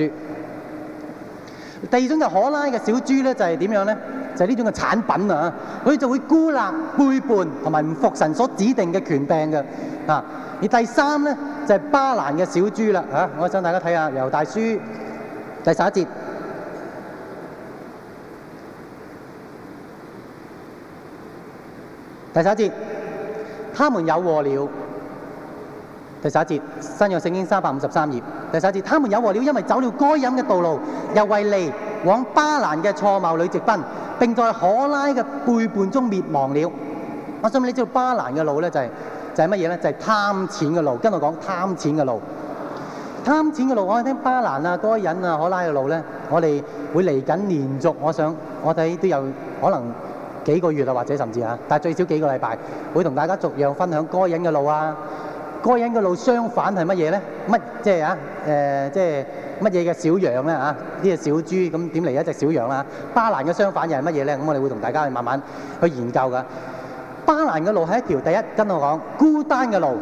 第二種就可拉嘅小豬咧，就係點樣咧？就係呢種嘅產品啊！佢就會孤立、背叛同埋唔服神所指定嘅權柄嘅啊。而第三咧就係巴蘭嘅小豬啦嚇，我想大家睇下《猶大書》第十一節。第十一節，他們有禍了。第十一節，新約聖經三百五十三頁。第十一節，他們有禍了，因為走了該隱嘅道路，又為利往巴蘭嘅錯謬裏直奔，並在可拉嘅背叛中滅亡了。我想問你知道巴蘭嘅路咧就係？就係乜嘢咧？就係、是、貪錢嘅路。跟我講貪錢嘅路，貪錢嘅路。我聽巴蘭啊、該隱啊、可拉嘅路咧，我哋會嚟緊連續。我想我睇都有可能幾個月啦，或者甚至啊，但最少幾個禮拜會同大家逐樣分享該隱嘅路啊。該隱嘅路相反係乜嘢咧？乜即係啊？誒、呃，即係乜嘢嘅小羊咧？啊，呢隻小豬咁點嚟？一隻小羊啊，巴蘭嘅相反又係乜嘢咧？咁我哋會同大家去慢慢去研究噶。巴蘭嘅路係一條，第一跟我講孤單嘅路。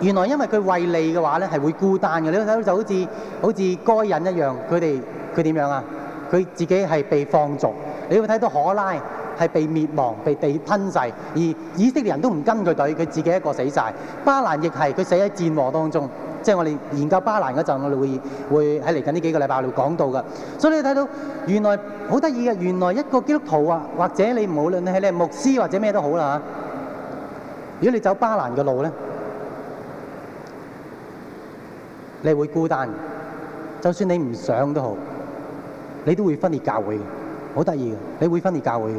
原來因為佢為利嘅話咧，係會孤單嘅。你會睇到就好似好似該隱一樣，佢哋佢點樣啊？佢自己係被放逐。你會睇到可拉係被滅亡、被地吞噬，而以色列人都唔跟佢隊，佢自己一個死曬。巴蘭亦係佢死喺戰禍當中。即係我哋研究巴蘭嗰陣，我哋會會喺嚟緊呢幾個禮拜嚟講到㗎。所以你睇到原來好得意嘅，原來一個基督徒啊，或者你無論你係你牧師或者咩都好啦吓，如果你走巴蘭嘅路咧，你會孤單。就算你唔想都好，你都會分裂教會嘅，好得意嘅，你會分裂教會嘅。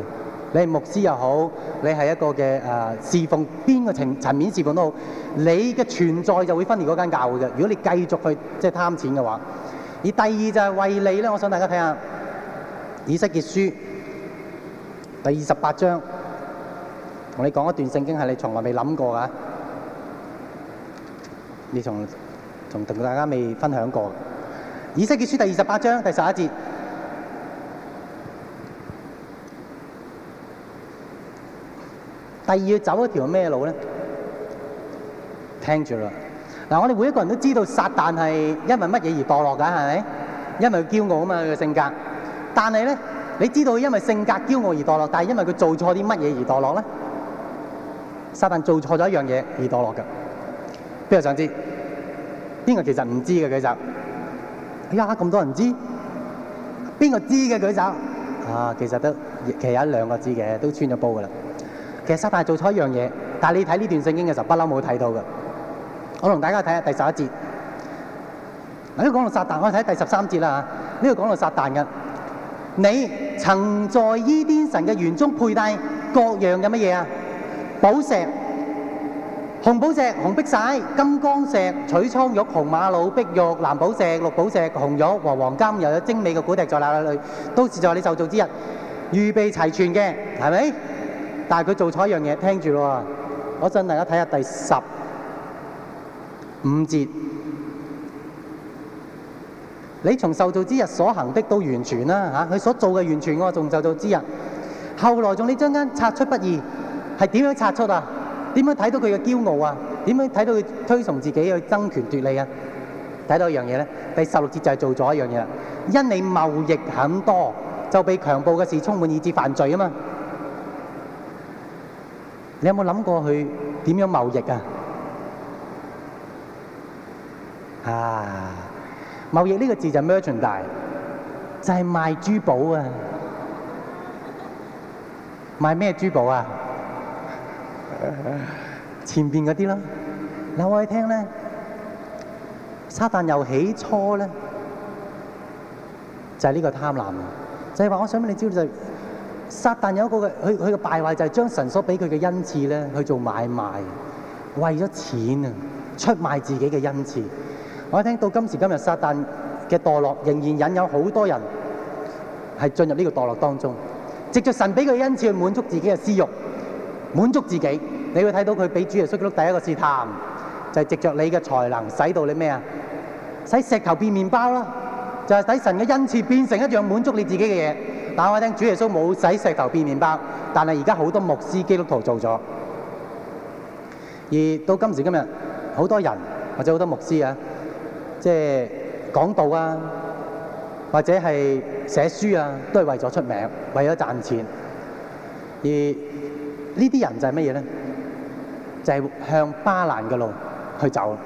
你係牧師又好，你係一個嘅、呃、侍奉邊個層,層面侍奉都好，你嘅存在就會分離嗰間教會嘅。如果你繼續去即係貪錢嘅話，而第二就係為你咧。我想大家睇下《以西結書》第二十八章，同你講一段聖經係你從來未諗過嘅，你從從同大家未分享過的《以西結書》第二十八章第十一節。第二要走一條咩路咧？聽住啦。嗱，我哋每一個人都知道撒旦係因為乜嘢而墮落嘅，係咪？因為佢驕傲啊嘛，佢嘅性格。但係咧，你知道佢因為性格驕傲而墮落，但係因為佢做錯啲乜嘢而墮落咧？撒旦做錯咗一樣嘢而墮落嘅。邊個想知？邊個其實唔知嘅舉手。就哎、呀，咁多人知？邊個知嘅舉手？啊，其實都其實有一兩個知嘅，都穿咗煲嘅啦。其實撒但係做錯一樣嘢，但係你睇呢段聖經嘅時候不嬲冇睇到嘅。我同大家睇下第十一節。嗱，呢度講到撒但，我睇第十三節啦嚇。呢度講到撒但嘅，你曾在伊甸神嘅園中佩戴各樣嘅乜嘢啊？寶石、紅寶石、紅碧璽、金剛石、水蒼玉、紅瑪瑙、碧玉、藍寶石、綠寶石、紅玉和黃金，又有精美嘅鼓笛在那裏，都是在你受造之日預備齊全嘅，係咪？但係佢做錯一樣嘢，聽住咯，我想大家睇下第十五節。你從受造之日所行的都完全啦佢、啊、所做嘅完全我從受造之日。後來仲你將間拆出不義，係點樣拆出啊？點樣睇到佢嘅驕傲啊？點樣睇到佢推崇自己去爭權奪利啊？睇到一樣嘢咧，第十六節就係做咗一樣嘢喇。因你貿易很多，就被強暴嘅事充滿，以致犯罪啊嘛。你有冇諗過去點樣貿易啊？啊，貿易呢個字就 merchandise，就係賣珠寶啊！賣咩珠寶啊？前面嗰啲啦，嗱我哋聽咧，沙旦又起初咧，就係呢個貪婪，就係話我想俾你知就。撒但有一個嘅，佢佢嘅敗壞就係將神所俾佢嘅恩賜咧去做買賣，為咗錢啊，出賣自己嘅恩賜。我聽到今時今日撒但嘅墮落，仍然引誘好多人係進入呢個墮落當中，藉着神俾佢嘅恩賜去滿足自己嘅私慾，滿足自己。你會睇到佢俾主耶穌第一個試探，就係藉着你嘅才能使到你咩啊？使石頭變麵包啦，就係使神嘅恩賜變成一樣滿足你自己嘅嘢。但我聽，主耶穌冇使石頭變麵包，但係而家好多牧師基督徒做咗。而到今時今日，好多人或者好多牧師啊，即係講道啊，或者係寫書啊，都係為咗出名，為咗賺錢。而呢啲人就係乜嘢咧？就係向巴蘭嘅路去走。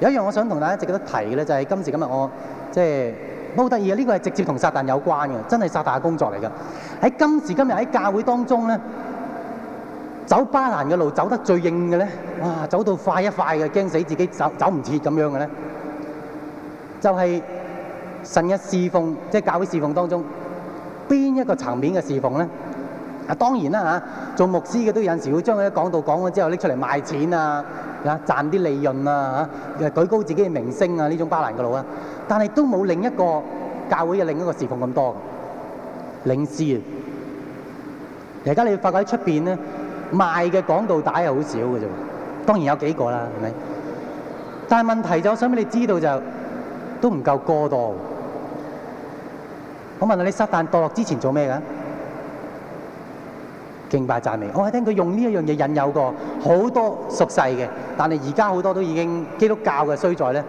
有一樣我想同大家一直記得提嘅咧，就係今時今日我即係。冇得意啊！呢個係直接同撒旦有關嘅，真係撒旦嘅工作嚟㗎。喺今時今日喺教會當中咧，走巴蘭嘅路走得最硬嘅咧，哇！走到快一快嘅，驚死自己走走唔切咁樣嘅咧，就係、是、神一侍奉，即係教會侍奉當中邊一個層面嘅侍奉咧？啊，當然啦嚇，做牧師嘅都有陣時會將佢一講道講咗之後拎出嚟賣錢啊，啊賺啲利潤啊嚇，舉高自己嘅名聲啊呢種巴蘭嘅路啊！但係都冇另一個教會嘅另一個侍奉咁多嘅領事。而家你會發覺喺出邊咧賣嘅講道帶係好少嘅啫，當然有幾個啦，係咪？但係問題就我想俾你知道就都唔夠過多。我問下你撒但墮落之前做咩嘅？敬拜讚美。我係聽佢用呢一樣嘢引誘過好多屬世嘅，但係而家好多都已經基督教嘅衰在咧。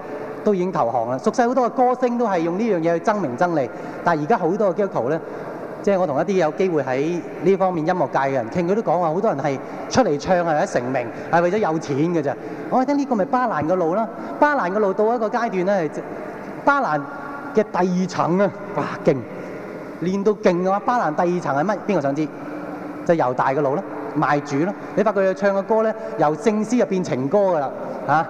都已經投降啦！熟悉好多個歌星都係用呢樣嘢去爭名爭利，但係而家好多嘅基督徒咧，即係我同一啲有機會喺呢方面音樂界嘅人傾，佢都講話好多人係出嚟唱係為咗成名，係為咗有錢嘅啫。我聽呢個咪巴蘭嘅路啦，巴蘭嘅路到一個階段咧係巴蘭嘅第二層啊，哇勁！練到勁嘅話，巴蘭第二層係乜？邊個想知？就由大嘅路啦，賣主啦，你發覺佢唱嘅歌咧，由聖詩入變情歌㗎啦，嚇、啊！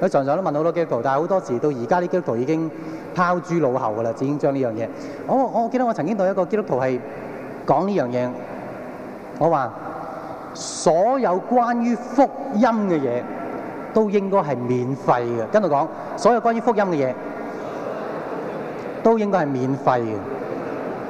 佢常常都問好多基督徒，但係好多時到而家啲基督徒已經拋諸腦後㗎啦，已經將呢樣嘢。我我記得我曾經對一個基督徒係講呢樣嘢，我話所有關於福音嘅嘢都應該係免費嘅，跟住講所有關於福音嘅嘢都應該係免費嘅，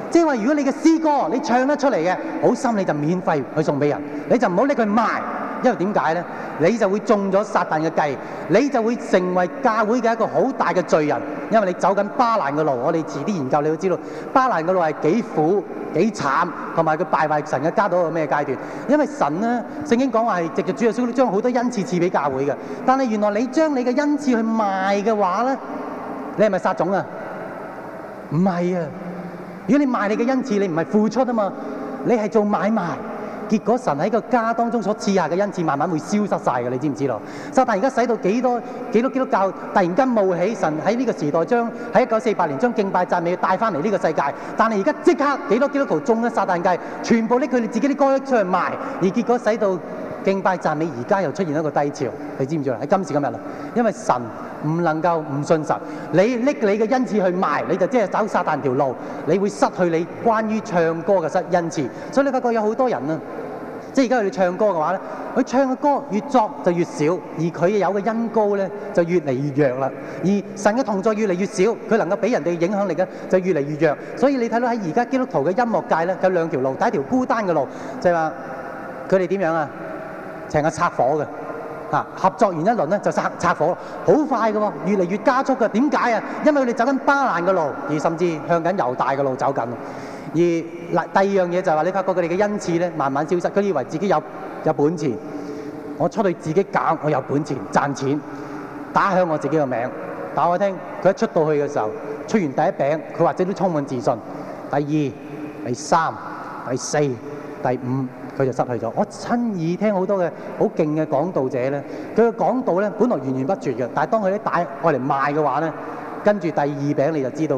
即係話如果你嘅詩歌你唱得出嚟嘅，好心你就免費去送俾人，你就唔好拎佢賣。因為點解呢？你就會中咗撒旦嘅計，你就會成為教會嘅一個好大嘅罪人，因為你走緊巴蘭嘅路。我哋遲啲研究，你都知道巴蘭嘅路係幾苦幾慘，同埋佢敗壞神嘅家道係咩階段？因為神咧聖經講話，藉着主耶穌將好多恩賜賜俾教會嘅。但係原來你將你嘅恩賜去賣嘅話呢，你係咪撒種啊？唔係啊！如果你賣你嘅恩賜，你唔係付出啊嘛，你係做買賣。結果神喺個家當中所賜下嘅恩賜慢慢會消失晒嘅，你知唔知咯？撒旦而家使到幾多幾多基督教突然間冒起，神喺呢個時代將喺一九四八年將敬拜讚美帶翻嚟呢個世界，但係而家即刻幾多基督徒中咗撒旦計，全部拎佢哋自己啲歌出去賣，而結果使到敬拜讚美而家又出現了一個低潮，你知唔知啊？喺今時今日啦，因為神。唔能夠唔信神，你搦你嘅恩賜去賣，你就即係走撒旦條路，你會失去你關於唱歌嘅失恩賜。所以你發覺有好多人啊，即係而家佢哋唱歌嘅話咧，佢唱嘅歌越作就越少，而佢有嘅音高呢就越嚟越弱啦。而神嘅動作越嚟越少，佢能夠俾人哋影響力咧就越嚟越弱。所以你睇到喺而家基督徒嘅音樂界呢，有兩條路，第一條孤單嘅路就係話佢哋點樣啊，成個拆夥嘅。啊！合作完一輪咧，就拆拆夥咯，好快嘅喎，越嚟越加速嘅。點解啊？因為佢哋走緊巴蘭嘅路，而甚至向緊猶大嘅路走緊。而嗱，第二樣嘢就係話，你發覺佢哋嘅恩賜咧，慢慢消失。佢以為自己有有本錢，我出去自己揀，我有本錢賺錢，打響我自己嘅名。打我聽，佢一出到去嘅時候，出完第一餅，佢或者都充滿自信。第二、第三、第四、第五。佢就失去咗。我親耳聽好多嘅好勁嘅講道者咧，佢嘅講道咧本來源源不絕嘅，但係當佢啲帶愛嚟賣嘅話咧，跟住第二餅你就知道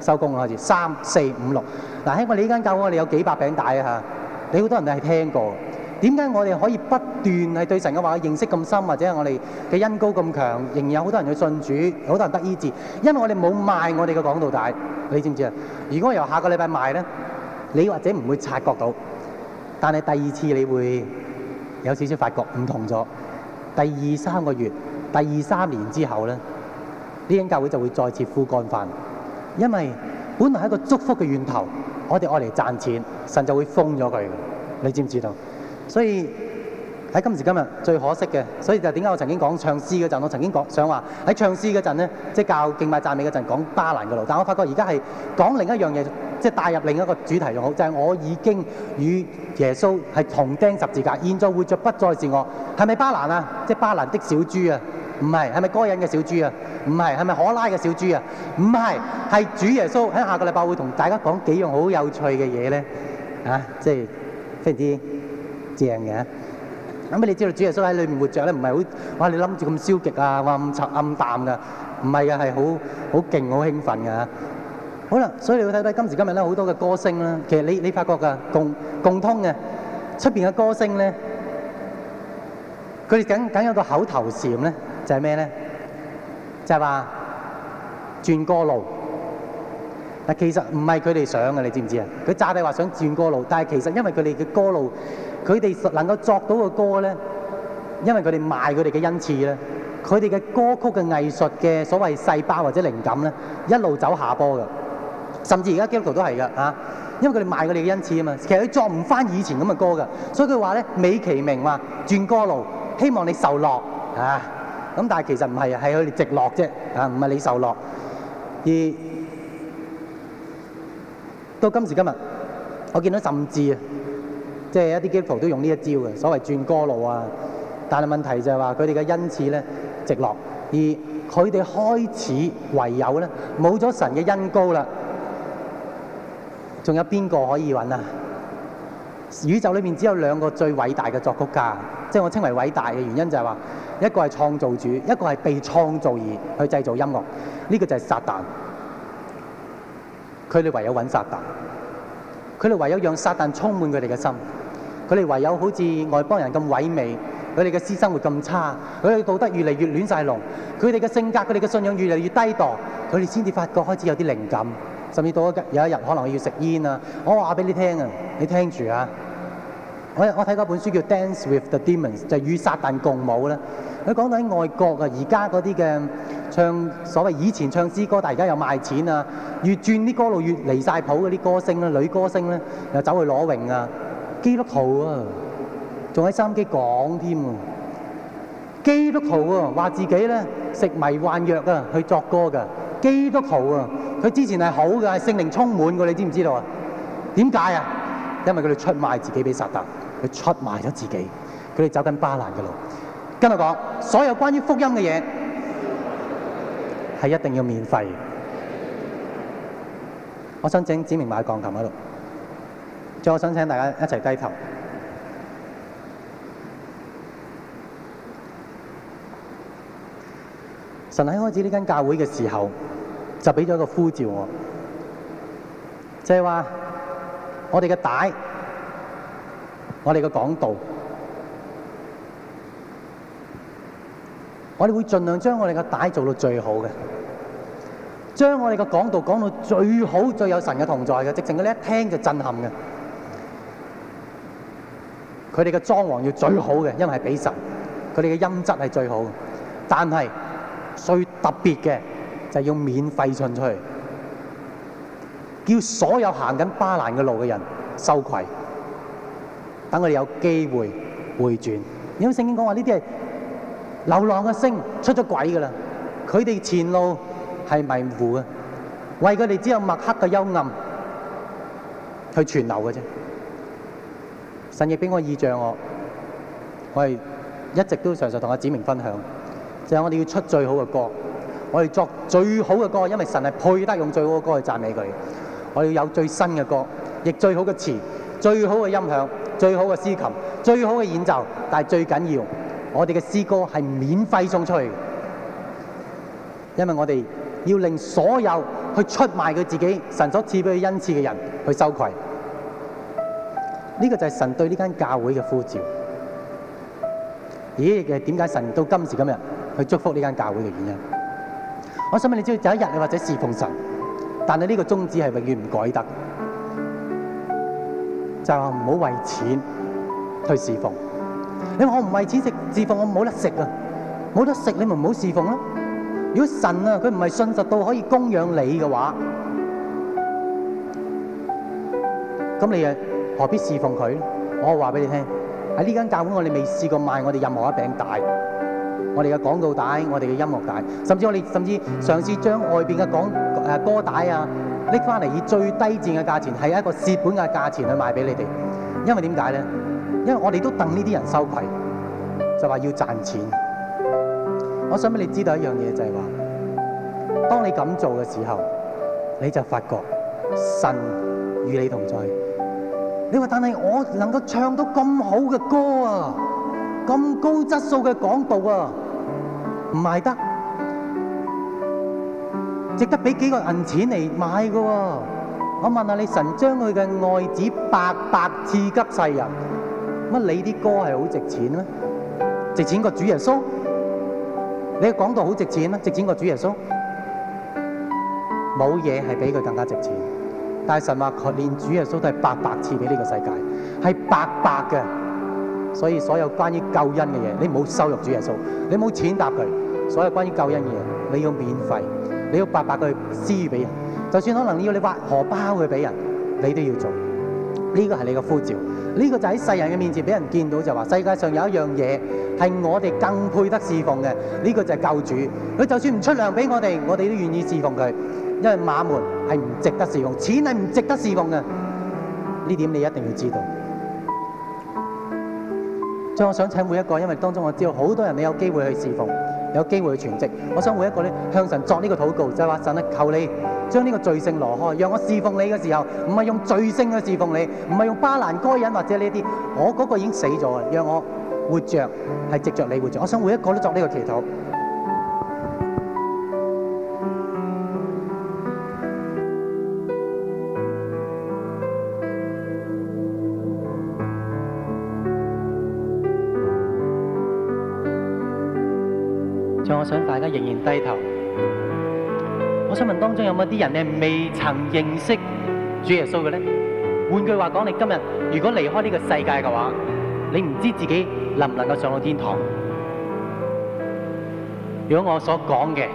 收工啦！開始三四五六嗱，喺我哋呢間教會，你有幾百餅帶啊嚇！你好多人哋係聽過，點解我哋可以不斷係對神嘅話認識咁深，或者係我哋嘅恩膏咁強，仍然有好多人去信主，好多人得醫治？因為我哋冇賣我哋嘅講道帶，你知唔知啊？如果我由下個禮拜賣咧，你或者唔會察覺到。但係第二次你會有少少發覺唔同咗，第二三個月、第二三年之後呢，呢間教會就會再次枯乾返，因為本來係一個祝福嘅源頭，我哋愛嚟賺錢，神就會封咗佢，你知唔知道？所以。喺今時今日最可惜嘅，所以就點解我曾經講唱詩嗰陣，我曾經講想話喺唱詩嗰陣即教敬拜讚美嗰陣講巴蘭嘅路，但我發覺而家係講另一樣嘢，即係帶入另一個主題就好，就係我已經與耶穌係同釘十字架，現在活着不再是我，係咪巴蘭啊？即、就是巴蘭的小豬啊？唔係，係咪該隱嘅小豬啊？唔係，係咪可拉嘅小豬啊？唔係，係主耶穌。喺下個禮拜會同大家講幾樣好有趣嘅嘢西呢啊，即、就、係、是、非常之正嘅。咁咩你知道主耶穌喺裏面活著咧？唔係好哇！你諗住咁消極啊，話咁沉暗淡噶？唔係噶，係好好勁、好興奮噶。好啦，所以你會睇睇今時今日咧，好多嘅歌星咧，其實你你發覺噶共共通嘅出邊嘅歌星咧，佢哋梗梗有個口頭禪咧，就係咩咧？就係話轉歌路。嗱，其實唔係佢哋想嘅，你知唔知啊？佢詐帝話想轉歌路，但係其實因為佢哋嘅歌路。佢哋實能夠作到嘅歌咧，因為佢哋賣佢哋嘅恩賜啦，佢哋嘅歌曲嘅藝術嘅所謂細胞或者靈感咧，一路走下坡噶，甚至而家基督徒都係噶嚇，因為佢哋賣佢哋嘅恩賜啊嘛，其實佢作唔翻以前咁嘅歌噶，所以佢話咧美其名話，轉歌路，希望你受落嚇，咁但係其實唔係，係佢哋直落啫，啊唔係你受落，而到今時今日，我見到甚至啊。即係一啲基 e o 都用呢一招嘅，所謂轉歌路啊！但係問題就係話佢哋嘅恩次咧直落，而佢哋開始唯有咧冇咗神嘅恩高啦，仲有邊個可以揾啊？宇宙裏面只有兩個最偉大嘅作曲家，即係我稱為偉大嘅原因就係話一個係創造主，一個係被創造而去製造音樂。呢、這個就係撒旦，佢哋唯有揾撒旦，佢哋唯有讓撒旦充滿佢哋嘅心。佢哋唯有好似外邦人咁萎靡，佢哋嘅私生活咁差，佢哋嘅道德越嚟越亂晒龍，佢哋嘅性格，佢哋嘅信仰越嚟越低墮，佢哋先至發覺開始有啲靈感，甚至到有一日可能要食煙啊！我話俾你聽啊，你聽住啊！我我睇過一本書叫《Dance with the Demons》，就係與撒旦共舞啦。佢講到喺外國啊，而家嗰啲嘅唱所謂以前唱詩歌，但而家又賣錢啊！越轉啲歌路越離晒譜嗰啲歌星啦，女歌星咧又走去攞泳啊！基督徒啊，仲喺收音機講添。基督徒啊，話自己咧食迷幻藥啊，去作歌噶。基督徒啊，佢之前係好噶，聖靈充滿噶，你知唔知道啊？點解啊？因為佢哋出賣自己俾撒旦，佢出賣咗自己，佢哋走緊巴蘭嘅路。跟我講，所有關於福音嘅嘢係一定要免費。我想請指明買鋼琴喺度。最後我想請大家一齊低頭。神喺開始呢間教會嘅時候，就俾咗個呼召我，就係話我哋嘅帶，我哋嘅講道，我哋會盡量將我哋嘅帶做到最好嘅，將我哋嘅講道講到最好、最有神嘅同在嘅，直情呢一聽就震撼嘅。佢哋嘅裝潢要最好嘅，因為係比神。佢哋嘅音質係最好，但係最特別嘅就係要免費進出去，叫所有行緊巴蘭嘅路嘅人收愧，等佢哋有機會回轉。因為聖經講話呢啲係流浪嘅星出咗軌噶啦，佢哋前路係迷糊嘅，為佢哋只有墨黑嘅幽暗去存留嘅啫。神亦俾我意象我，我一直都常常同阿子明分享，就係我哋要出最好嘅歌，我哋作最好嘅歌，因為神係配得用最好嘅歌去讚美佢。我哋要有最新嘅歌，亦最好嘅詞，最好嘅音響，最好嘅司琴，最好嘅演奏，但係最緊要，我哋嘅詩歌係免費送出去的，因為我哋要令所有去出賣佢自己神所賜俾佢恩賜嘅人去羞愧。呢個就係神對呢間教會嘅呼召。咦嘅點解神到今時今日去祝福呢間教會嘅原因？我想問你知，要有一日你或者侍奉神，但係呢個宗旨係永遠唔改得，就係話唔好為錢去侍奉。你話我唔為錢食侍奉，我冇得食啊！冇得食，你咪唔好侍奉囉。如果神啊佢唔係信實到可以供養你嘅話，咁你啊～何必侍奉佢咧？我話俾你聽，喺呢間教會，我哋未試過賣我哋任何一餅帶，我哋嘅廣告帶，我哋嘅音樂帶，甚至我哋甚至嘗試將外邊嘅講誒歌帶啊拎翻嚟，回來以最低賤嘅價錢，係一個蝕本嘅價錢去賣俾你哋。因為點解咧？因為我哋都等呢啲人收攏，就話要賺錢。我想俾你知道一樣嘢，就係、是、話，當你咁做嘅時候，你就發覺神與你同在。你話但係我能夠唱到咁好嘅歌啊，咁高質素嘅講道啊，唔係得，值得俾幾個銀錢嚟買嘅喎、啊。我問下你，神將佢嘅愛子白白賜給世人，乜你啲歌係好值錢咩？值錢過主耶穌？你嘅講道好值錢啊？值錢過主耶穌？冇嘢係比佢更加值錢。大神話佢連主耶穌都係白白賜俾呢個世界，係白白嘅，所以所有關於救恩嘅嘢，你唔好羞辱主耶穌，你冇錢答佢，所有關於救恩嘅嘢，你要免費，你要白白去施與俾人，就算可能你要你挖荷包去俾人，你都要做。呢、這個係你嘅呼召，呢、這個就喺世人嘅面前俾人見到就話，世界上有一樣嘢係我哋更配得侍奉嘅，呢、這個就係救主，佢就算唔出糧俾我哋，我哋都願意侍奉佢。因為馬門係唔值得侍奉，錢係唔值得侍奉嘅，呢點你一定要知道。所以我想請每一個，因為當中我知道好多人你有機會去侍奉，有機會去全職，我想每一個咧向神作呢個禱告，就係、是、話神咧、啊、求你將呢個罪性挪開，讓我侍奉你嘅時候唔係用罪性去侍奉你，唔係用巴蘭該隱或者呢啲，我嗰個已經死咗嘅，讓我活著係藉著你活著。我想每一個都作呢個祈禱。想大家仍然低頭，我想問當中有冇啲人你未曾認識主耶穌嘅呢？換句話講，你今日如果離開呢個世界嘅話，你唔知自己能唔能夠上到天堂。如果我所講嘅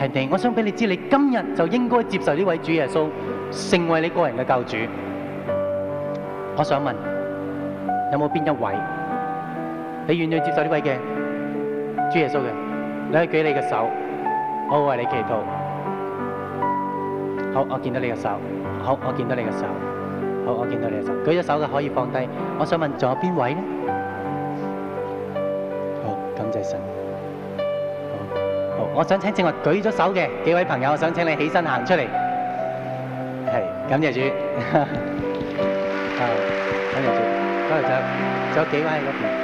係你，我想俾你知，你今日就應該接受呢位主耶穌，成為你個人嘅救主。我想問，有冇邊一位你願意接受呢位嘅主耶穌嘅？你可以舉你嘅手，我為你祈禱。好，我見到你嘅手。好，我見到你嘅手。好，我見到你嘅手。舉咗手嘅可以放低。我想問仲有邊位呢？好，感謝神。好，好，我想請正話舉咗手嘅幾位朋友，我想請你起身行出嚟。係，感謝主。感謝主。多謝，多謝，仲有幾位喺嗰邊。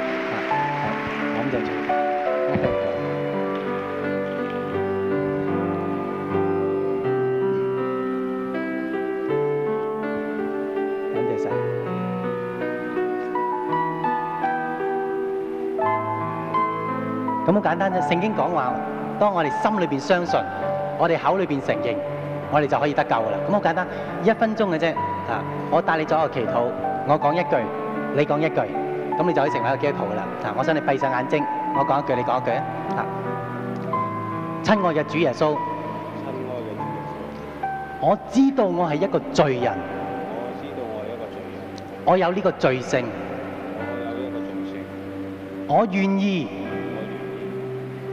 簡單啫，聖經講話，當我哋心裏邊相信，我哋口裏邊承認，我哋就可以得救噶啦。咁好簡單，一分鐘嘅啫。啊，我帶你做一個祈禱，我講一句，你講一句，咁你就可以成為一個基督徒噶啦。啊，我想你閉上眼睛，我講一句，你講一句啊。親愛嘅主耶穌，親愛嘅主耶穌，我知道我係一個罪人，我知道我係一個罪人，我有呢個罪性，我有呢個罪性，我願意。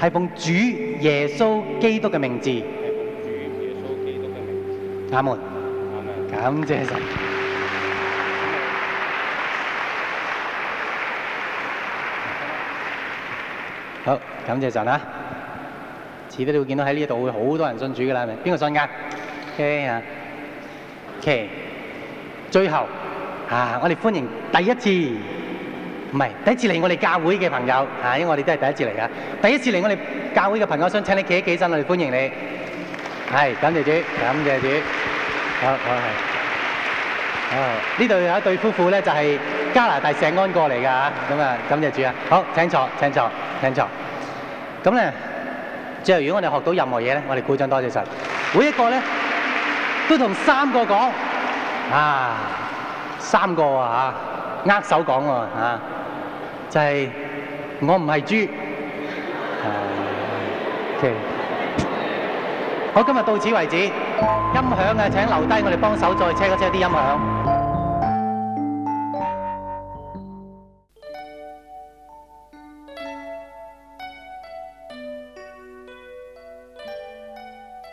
係奉主耶穌基督嘅名字。阿門。感謝神。好，感謝神啊！遲啲你會見到喺呢度會好多人信主噶啦，係咪？邊個信噶？OK 啊，OK，最後啊，我哋歡迎第一次。唔係第一次嚟我哋教會嘅朋友，嚇，因為我哋都係第一次嚟噶。第一次嚟我哋教會嘅朋友，我想請你企起起身，我哋歡迎你。係，感謝主，感謝主。好好。好，呢度有一對夫婦咧，就係加拿大錫安過嚟㗎嚇。咁啊，感謝主啊。好，請坐，請坐，請坐。咁咧，最後如果我哋學到任何嘢咧，我哋鼓掌多謝神。每一個咧都同三個講啊，三個喎嚇，握手講喎嚇。就係我唔係豬。OK，我今日到此為止。音響啊，請留低我哋幫手再車一車啲音響。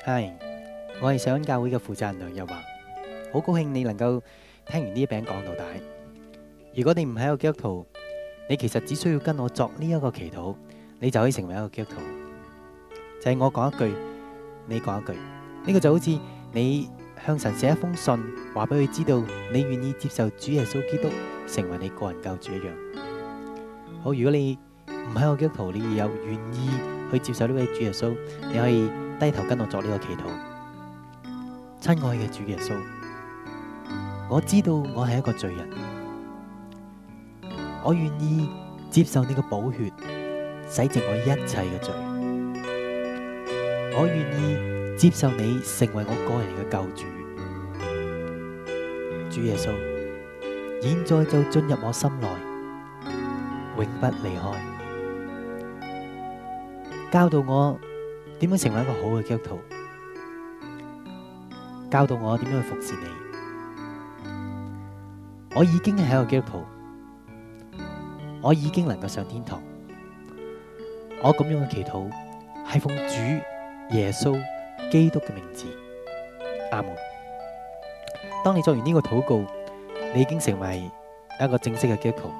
係，我係上恩教會嘅負責人梁日華。好高興你能夠聽完呢一餅講到底。如果你唔係個基督徒，你其實只需要跟我作呢一個祈禱，你就可以成為一個基督徒。就係我講一句，你講一句，呢個就好似你向神寫一封信，話俾佢知道你願意接受主耶穌基督成為你個人救主一樣。好，如果你唔係一個基督徒，你有願意去接受呢位主耶穌，你可以低頭跟我作呢個祈禱。親愛嘅主耶穌，我知道我係一個罪人。我願意接受你嘅寶血，洗淨我一切嘅罪。我願意接受你成為我個人嘅救主。主耶穌，現在就進入我心內，永不離開，教導我點樣成為一個好嘅基督徒，教導我點樣去服侍你。我已經係一個基督徒。我已經能夠上天堂。我咁樣嘅祈禱係奉主耶穌基督嘅名字，阿門。當你做完呢個禱告，你已經成為一個正式嘅基督徒。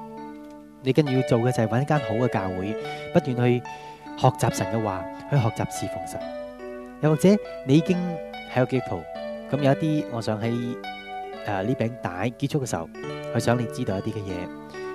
你跟住要做嘅就係揾一間好嘅教會，不斷去學習神嘅話，去學習侍奉神。又或者你已經係一個基督徒，咁有一啲，我想喺誒呢餅帶結束嘅時候，我想你知道一啲嘅嘢。